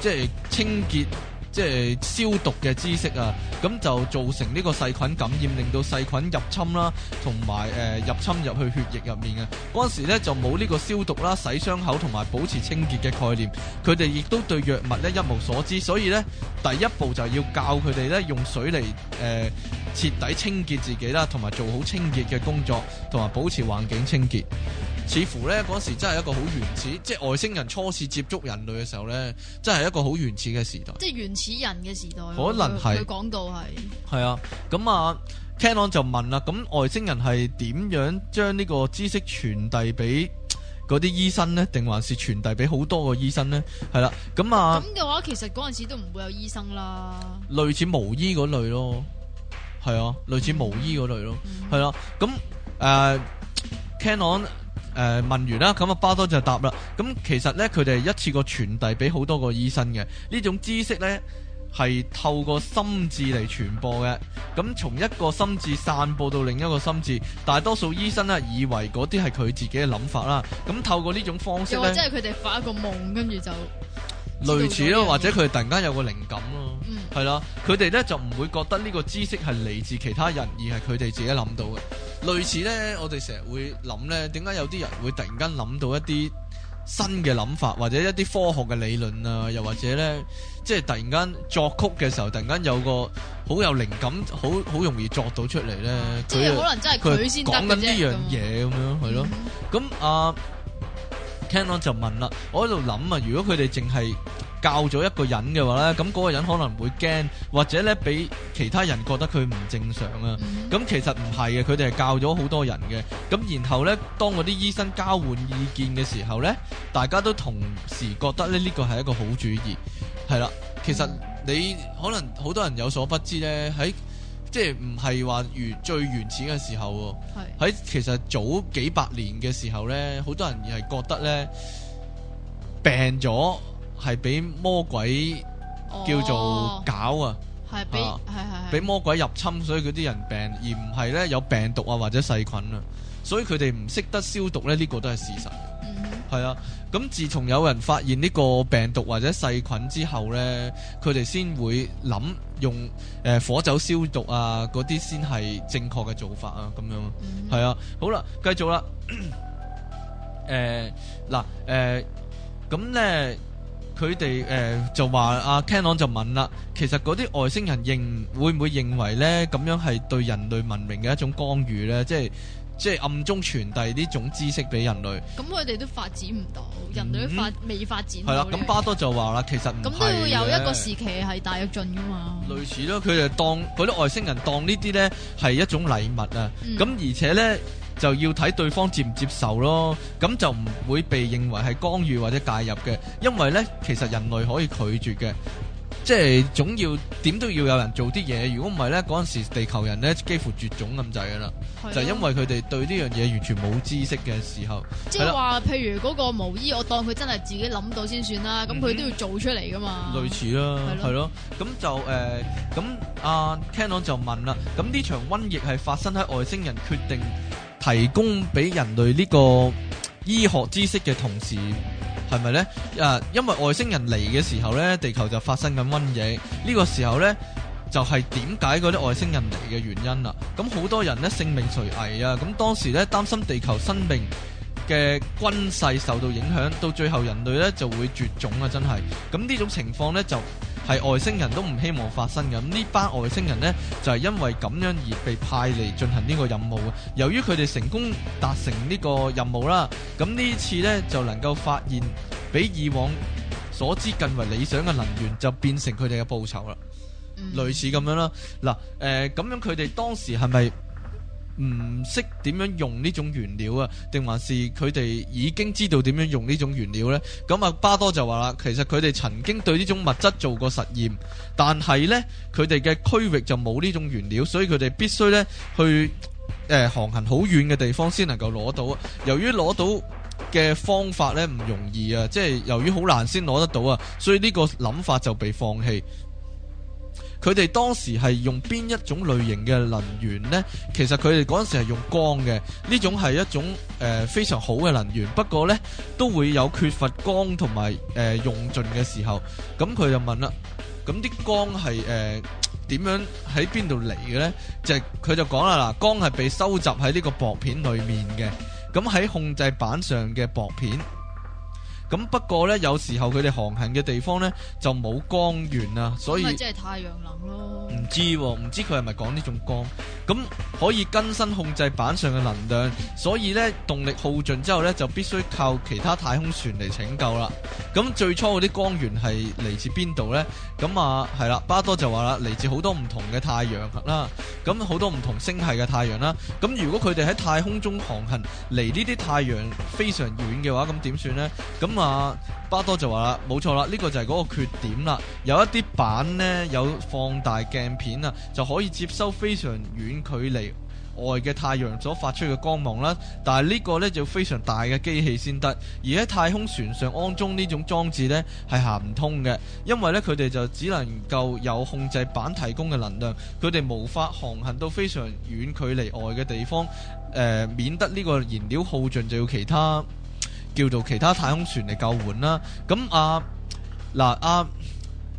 [SPEAKER 1] 即係清潔。即係消毒嘅知識啊，咁就造成呢個細菌感染，令到細菌入侵啦，同埋、呃、入侵入去血液入面嘅嗰陣時呢，就冇呢個消毒啦、洗傷口同埋保持清潔嘅概念。佢哋亦都對藥物呢一無所知，所以呢，第一步就要教佢哋呢用水嚟誒、呃、徹底清潔自己啦，同埋做好清潔嘅工作，同埋保持環境清潔。似乎呢嗰時真係一個好原始，即係外星人初次接觸人類嘅時候呢，真係一個好原始嘅時代。即係
[SPEAKER 2] 原始人嘅時代、啊。可能係。佢講到係。
[SPEAKER 1] 係啊，咁啊，Canon 就問啦，咁外星人係點樣將呢個知識傳遞俾嗰啲醫生呢？定還是傳遞俾好多個醫生呢？」係啦，咁啊。咁
[SPEAKER 2] 嘅、啊、話，其實嗰陣時都唔會有醫生啦。
[SPEAKER 1] 類似巫醫嗰類咯，係啊，類似巫醫嗰類咯，係、嗯、啊。咁誒 Canon。呃誒、呃、問完啦，咁阿巴多就答啦。咁其實呢，佢哋一次過傳遞俾好多個醫生嘅呢種知識呢，係透過心智嚟傳播嘅。咁從一個心智散佈到另一個心智，大多數醫生呢，以為嗰啲係佢自己嘅諗法啦。咁透過呢種方式，即係
[SPEAKER 2] 佢哋發一個夢，跟住就。類似咯，或
[SPEAKER 1] 者佢突然間有個靈感咯、啊，係啦、嗯，佢哋、啊、呢，就唔會覺得呢個知識係嚟自其他人，而係佢哋自己諗到嘅。類似呢，我哋成日會諗呢，點解有啲人會突然間諗到一啲新嘅諗法，或者一啲科學嘅理論啊，又或者呢，即係突然間作曲嘅時候，突然間有個好有靈感，好好容易作到出嚟呢。嗯，佢就可能真係佢先得嘅啫，講緊呢樣嘢咁樣係咯，咁啊。嗯。Canon 就問啦，我喺度諗啊，如果佢哋淨係教咗一個人嘅話呢，咁嗰個人可能會驚，或者呢俾其他人覺得佢唔正常啊。咁、mm hmm. 其實唔係嘅，佢哋係教咗好多人嘅。咁然後呢，當嗰啲醫生交換意見嘅時候呢，大家都同時覺得呢呢個係一個好主意。係啦，其實你可能好多人有所不知呢。喺。.即係唔係話原最原始嘅時候喎，喺是其實早幾百年嘅時候呢，好多人係覺得呢病咗，係俾魔鬼叫做搞啊，
[SPEAKER 2] 係俾係俾
[SPEAKER 1] 魔鬼入侵，所以佢啲人病，而唔係呢有病毒啊或者細菌啊。所以佢哋唔識得消毒呢，呢、呢個都係事實。嗯係、mm hmm. 啊，咁自從有人發現呢個病毒或者細菌之後呢，佢哋先會諗用誒、呃、火酒消毒啊，嗰啲先係正確嘅做法啊，咁樣。係、mm hmm. 啊，好啦，繼續啦。誒，嗱、呃，誒，咁、呃、呢，佢哋誒就話阿、啊、Canon 就問啦，其實嗰啲外星人認會唔會認為呢？咁樣係對人類文明嘅一種干預呢？即係。即係暗中傳遞呢種知識俾人類，
[SPEAKER 2] 咁佢哋都發展唔到，嗯、人類都發未發展到，係啦，咁
[SPEAKER 1] 巴多就話啦，其實咁都要有一個時
[SPEAKER 2] 期係大躍進噶嘛。
[SPEAKER 1] 類似咯，佢哋當佢啲外星人當呢啲咧係一種禮物啊，咁、嗯、而且咧就要睇對方接唔接受咯，咁就唔會被認為係干預或者介入嘅，因為咧其實人類可以拒絕嘅。即係總要點都要有人做啲嘢，如果唔係咧，嗰陣時地球人咧幾乎絕種咁滯噶啦，了就係因為佢哋對呢樣嘢完全冇知識嘅時候。即係話，
[SPEAKER 2] 了譬如嗰個巫醫，我當佢真係自己諗到先算啦，咁佢、嗯、都要做出嚟噶嘛。類
[SPEAKER 1] 似啦，係咯了。咁就咁阿、呃啊、Kenon 就問啦，咁呢場瘟疫係發生喺外星人決定提供俾人類呢個醫學知識嘅同時。係咪呢？誒，因為外星人嚟嘅時候呢，地球就發生緊瘟疫。呢個時候呢，就係點解嗰啲外星人嚟嘅原因啦。咁好多人呢，性命垂危啊！咁當時呢，擔心地球生命嘅均勢受到影響，到最後人類呢就會絕種啊！真係咁呢種情況呢就。係外星人都唔希望發生嘅，咁呢班外星人呢，就係、是、因為咁樣而被派嚟進行呢個任務嘅。由於佢哋成功達成呢個任務啦，咁呢次呢，就能夠發現比以往所知更為理想嘅能源，就變成佢哋嘅報酬啦，嗯、類似咁樣啦。嗱、呃，誒咁樣佢哋當時係咪？唔識點樣用呢種原料啊？定還是佢哋已經知道點樣用呢種原料呢？咁啊巴多就話啦，其實佢哋曾經對呢種物質做過實驗，但係呢，佢哋嘅區域就冇呢種原料，所以佢哋必須呢去誒、呃、航行好遠嘅地方先能夠攞到。由於攞到嘅方法呢唔容易啊，即係由於好難先攞得到啊，所以呢個諗法就被放棄。佢哋當時係用邊一種類型嘅能源呢？其實佢哋嗰陣時係用光嘅，呢種係一種誒、呃、非常好嘅能源，不過呢，都會有缺乏光同埋誒用盡嘅時候。咁佢就問啦，咁啲光係誒點樣喺邊度嚟嘅呢？即就佢、係、就講啦，嗱，光係被收集喺呢個薄片裏面嘅，咁喺控制板上嘅薄片。咁不過呢，有時候佢哋航行嘅地方呢，就冇光源啊，所以咪即係
[SPEAKER 2] 太陽能咯？唔
[SPEAKER 1] 知，唔知佢係咪講呢種光？咁可以更新控制板上嘅能量，所以呢，動力耗盡之後呢，就必須靠其他太空船嚟拯救啦。咁最初嗰啲光源係嚟自邊度呢？咁啊，係啦，巴多就話啦，嚟自好多唔同嘅太陽啦，咁好多唔同星系嘅太陽啦。咁如果佢哋喺太空中航行，離呢啲太陽非常遠嘅話，咁點算呢？咁嗯啊、巴多就話啦，冇錯啦，呢、呢個就係嗰個缺點啦。有一啲板呢，有放大鏡片啊，就可以接收非常遠距離外嘅太陽所發出嘅光芒啦。但係呢個呢，就要非常大嘅機器先得，而喺太空船上安裝呢種裝置呢，係行唔通嘅，因為呢，佢哋就只能夠有控制板提供嘅能量，佢哋無法航行到非常遠距離外嘅地方，誒、呃，免得呢個燃料耗盡就要其他。叫做其他太空船嚟救援啦，咁啊嗱，啊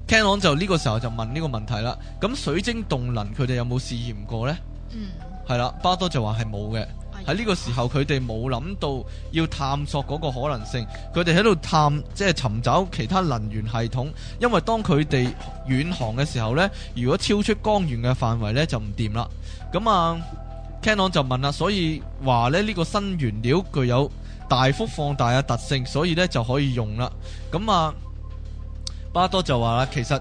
[SPEAKER 1] Canon、啊、就呢個時候就問呢個問題啦。咁水晶動能佢哋有冇試驗過咧？嗯，係啦，巴多就話係冇嘅。喺呢、哎、呦個時候佢哋冇諗到要探索嗰個可能性，佢哋喺度探即係、就是、尋找其他能源系統，因為當佢哋遠航嘅時候咧，如果超出光源嘅範圍咧，就唔掂啦。咁啊，Canon 就問啦，所以話咧呢、這個新原料具有大幅放大嘅特性，所以咧就可以用啦。咁啊，巴多就話啦，其實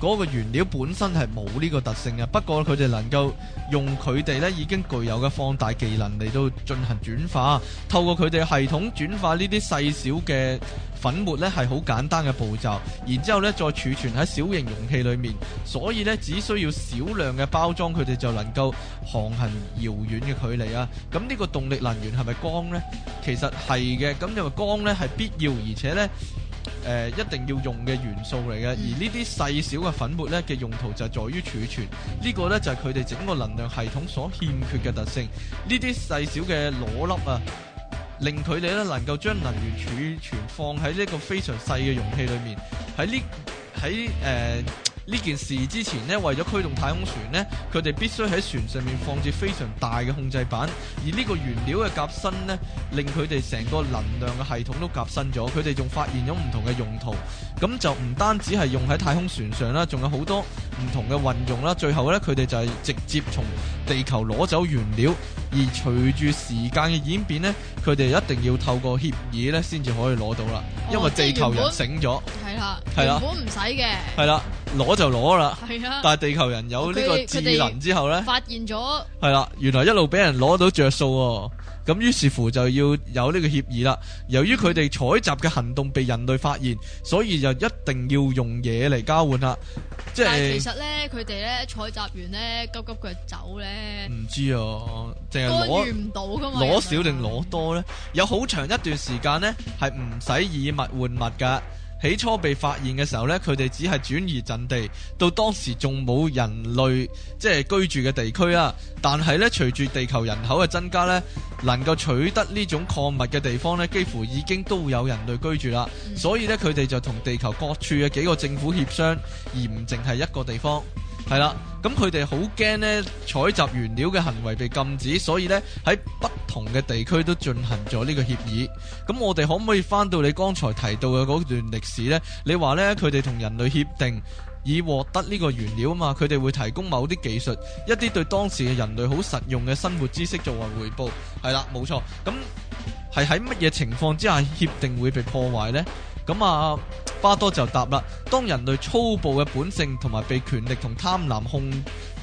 [SPEAKER 1] 嗰個原料本身係冇呢個特性嘅，不過佢哋能夠用佢哋咧已經具有嘅放大技能嚟到進行轉化，透過佢哋系統轉化呢啲細小嘅。粉末咧係好簡單嘅步驟，然之後咧再儲存喺小型容器裏面，所以咧只需要少量嘅包裝，佢哋就能夠航行遙遠嘅距離啊！咁呢個動力能源係咪光呢？其實係嘅，咁就係光咧係必要而且咧誒一定要用嘅元素嚟嘅，而呢啲細小嘅粉末咧嘅用途就係在於儲存，呢、這個咧就係佢哋整個能量系統所欠缺嘅特性，呢啲細小嘅裸粒啊！令佢哋呢能夠將能源儲存放喺呢個非常細嘅容器裏面，喺呢喺誒。呢件事之前呢，為咗驅動太空船呢，佢哋必須喺船上面放置非常大嘅控制板。而呢個原料嘅夾身呢，令佢哋成個能量嘅系統都夾身咗。佢哋仲發現咗唔同嘅用途，咁就唔單止係用喺太空船上啦，仲有好多唔同嘅運用啦。最後呢，佢哋就係直接從地球攞走原料，而隨住時間嘅演變呢，佢哋一定要透過協議呢先至可以攞到啦，哦、因為地球人醒咗，
[SPEAKER 2] 係啦、哦，係啦，原本唔使嘅，係
[SPEAKER 1] 啦的。攞就攞啦，啊、但係地球人有呢個智能之後呢，發現咗係啦，原來一路俾人攞到着數喎，咁於是乎就要有呢個協議啦。由於佢哋採集嘅行動被人類發現，所以就一定要用嘢嚟交換啦。即係其實
[SPEAKER 2] 呢，佢哋呢採集完呢，急急腳走呢，
[SPEAKER 1] 唔知啊，淨係攞唔
[SPEAKER 2] 到㗎嘛，攞少
[SPEAKER 1] 定攞多呢？有好長一段時間呢，係唔使以物換物噶。起初被發現嘅時候咧，佢哋只係轉移陣地，到當時仲冇人類即係居住嘅地區啊。但係咧，隨住地球人口嘅增加咧，能夠取得呢種礦物嘅地方咧，幾乎已經都有人類居住啦。所以咧，佢哋就同地球各處嘅幾個政府協商，而唔淨係一個地方。係啦，咁佢哋好驚呢採集原料嘅行為被禁止，所以呢喺不同嘅地區都進行咗呢個協議。咁我哋可唔可以翻到你剛才提到嘅嗰段歷史呢？你話呢，佢哋同人類協定以獲得呢個原料啊嘛，佢哋會提供某啲技術，一啲對當時嘅人類好實用嘅生活知識作為回報。係啦，冇錯。咁係喺乜嘢情況之下協定會被破壞呢？咁啊，花多就答啦。當人類粗暴嘅本性同埋被權力同貪婪控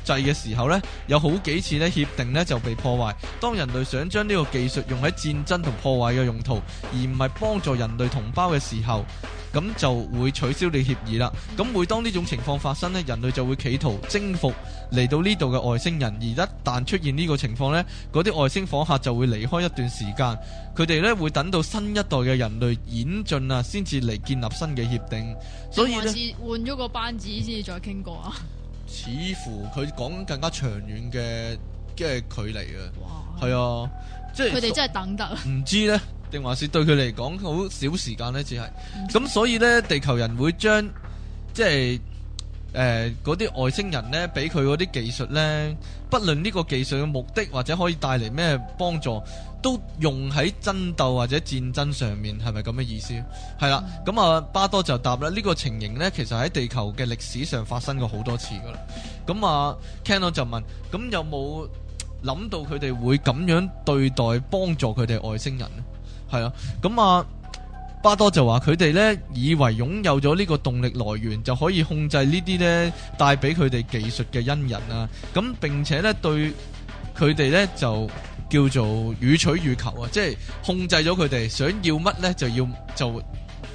[SPEAKER 1] 制嘅時候呢，有好幾次呢協定呢就被破壞。當人類想將呢個技術用喺戰爭同破壞嘅用途，而唔係幫助人類同胞嘅時候，咁就會取消你協議啦。咁、嗯、每當呢種情況發生呢，人類就會企圖征服嚟到呢度嘅外星人。而一旦出現呢個情況呢，嗰啲外星訪客就會離開一段時間。佢哋呢會等到新一代嘅人類演進啊，先至嚟建立新嘅協定。所以咧，
[SPEAKER 2] 換咗個班子先至再傾過啊。
[SPEAKER 1] 似乎佢講更加長遠嘅即係距離哇啊，係、就、啊、
[SPEAKER 2] 是，即係佢哋真係等得，唔
[SPEAKER 1] 知呢？定還是對佢嚟講好少時間呢，只係咁，嗯、所以呢，地球人會將即係。誒嗰啲外星人呢，俾佢嗰啲技術呢，不論呢個技術嘅目的或者可以帶嚟咩幫助，都用喺爭鬥或者戰爭上面，係咪咁嘅意思？係啦，咁啊、嗯嗯、巴多就答啦，呢、呢個情形呢，其實喺地球嘅歷史上發生過好多次噶啦。咁、嗯、啊 Kenon 就問，咁有冇諗到佢哋會咁樣對待幫助佢哋外星人咧？係啊，咁、嗯、啊。嗯巴多就話：佢哋咧以為擁有咗呢個動力來源，就可以控制呢啲咧帶俾佢哋技術嘅恩人啊！咁並且咧對佢哋咧就叫做予取予求啊！即係控制咗佢哋，想要乜咧就要就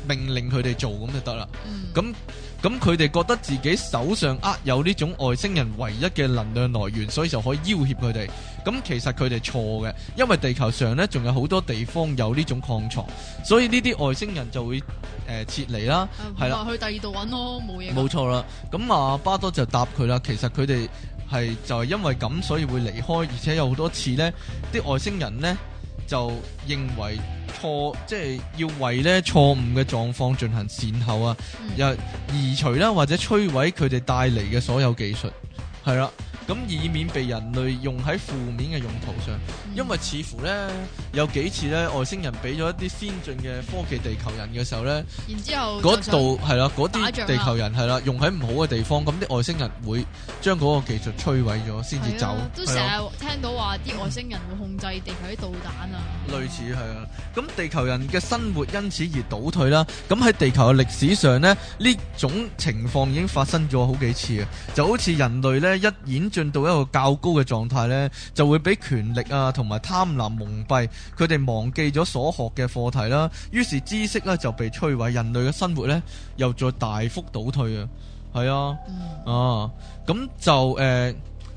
[SPEAKER 1] 命令佢哋做咁就得啦。咁、嗯咁佢哋覺得自己手上握有呢種外星人唯一嘅能量來源，所以就可以要挾佢哋。咁其實佢哋錯嘅，因為地球上呢仲有好多地方有呢種礦床，所以呢啲外星人就會誒撤離啦。係啦、啊，的去
[SPEAKER 2] 第二度揾咯，冇嘢。冇
[SPEAKER 1] 錯啦。咁阿巴多就答佢啦。其實佢哋係就係因為咁，所以會離開，而且有好多次呢啲外星人呢。就認為，錯即係、就是、要為咧錯誤嘅狀況進行善後啊，又、嗯、移除啦，或者摧毀佢哋帶嚟嘅所有技術，係啦。咁以免被人類用喺負面嘅用途上，嗯、因為似乎咧有幾次咧外星人俾咗一啲先進嘅科技地球人嘅時候咧，然之後嗰度係啦，嗰啲地球人係啦，用喺唔好嘅地方，咁啲外星人會將嗰個技術摧毀咗先至走。的的都成
[SPEAKER 2] 日聽到話啲外星人會控制地球啲導彈啊，嗯、
[SPEAKER 1] 類似係啊。咁地球人嘅生活因此而倒退啦。咁喺地球嘅歷史上咧，呢種情況已經發生咗好幾次啊。就好似人類咧一演進到一個較高嘅狀態呢，就會俾權力啊同埋貪婪蒙蔽，佢哋忘記咗所學嘅課題啦、啊，於是知識呢就被摧毀，人類嘅生活呢又再大幅倒退啊，係啊，咁、嗯啊、就誒，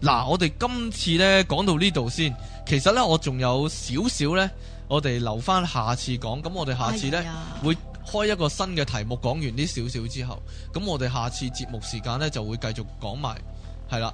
[SPEAKER 1] 嗱、呃，我哋今次呢講到呢度先，其實呢，我仲有少少呢，我哋留翻下次講，咁我哋下次呢、哎、呀會開一個新嘅題目，講完呢少少之後，咁我哋下次節目時間呢就會繼續講埋，係啦、啊。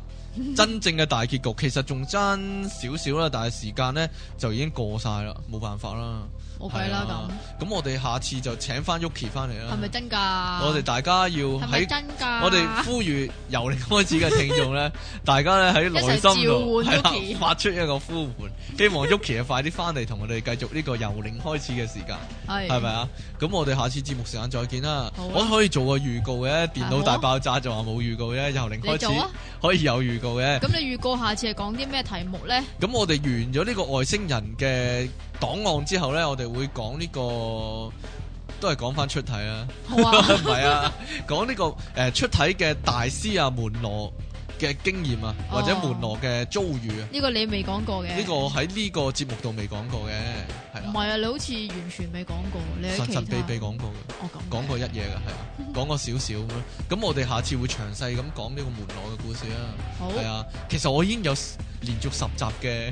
[SPEAKER 1] 真正嘅大結局其實仲爭少少啦，但係時間呢就已經過晒喇，冇辦法喇。
[SPEAKER 2] OK 啦咁，
[SPEAKER 1] 啊，咁我哋下次就請翻 Yuki 翻嚟啦。係咪
[SPEAKER 2] 真噶？我哋
[SPEAKER 1] 大家要喺真，我哋呼籲由零開始嘅聽眾咧， 大家咧喺內心呼係啦，發出一個呼喚，希望 Yuki 快啲翻嚟同我哋繼續呢個由零開始嘅時間。係係咪啊？咁我哋下次節目時間再見啦。啊，我可以做個預告嘅，電腦大爆炸就話冇預告嘅，由零開始可以有預告嘅。
[SPEAKER 2] 咁你預，啊，告下次係講啲咩題目咧？
[SPEAKER 1] 咁我哋完咗呢個外星人嘅。檔案之後咧，我哋會講呢、這個都係講翻出體啊，好啊唔係 啊，講呢、這個誒、呃、出體嘅大師啊門羅嘅經驗啊，哦、或者門羅嘅遭遇啊。呢
[SPEAKER 2] 個你未講過嘅，呢個
[SPEAKER 1] 喺呢個節目度未講過嘅，係
[SPEAKER 2] 啦、啊，唔係啊，你好似完全未講過，實你神神秘秘
[SPEAKER 1] 講過嘅，我講、哦、過一嘢嘅係啊，講 過少少咁咯。咁我哋下次會詳細咁講呢個門羅嘅故事啊，係好啊，其實我已經有連續十集嘅。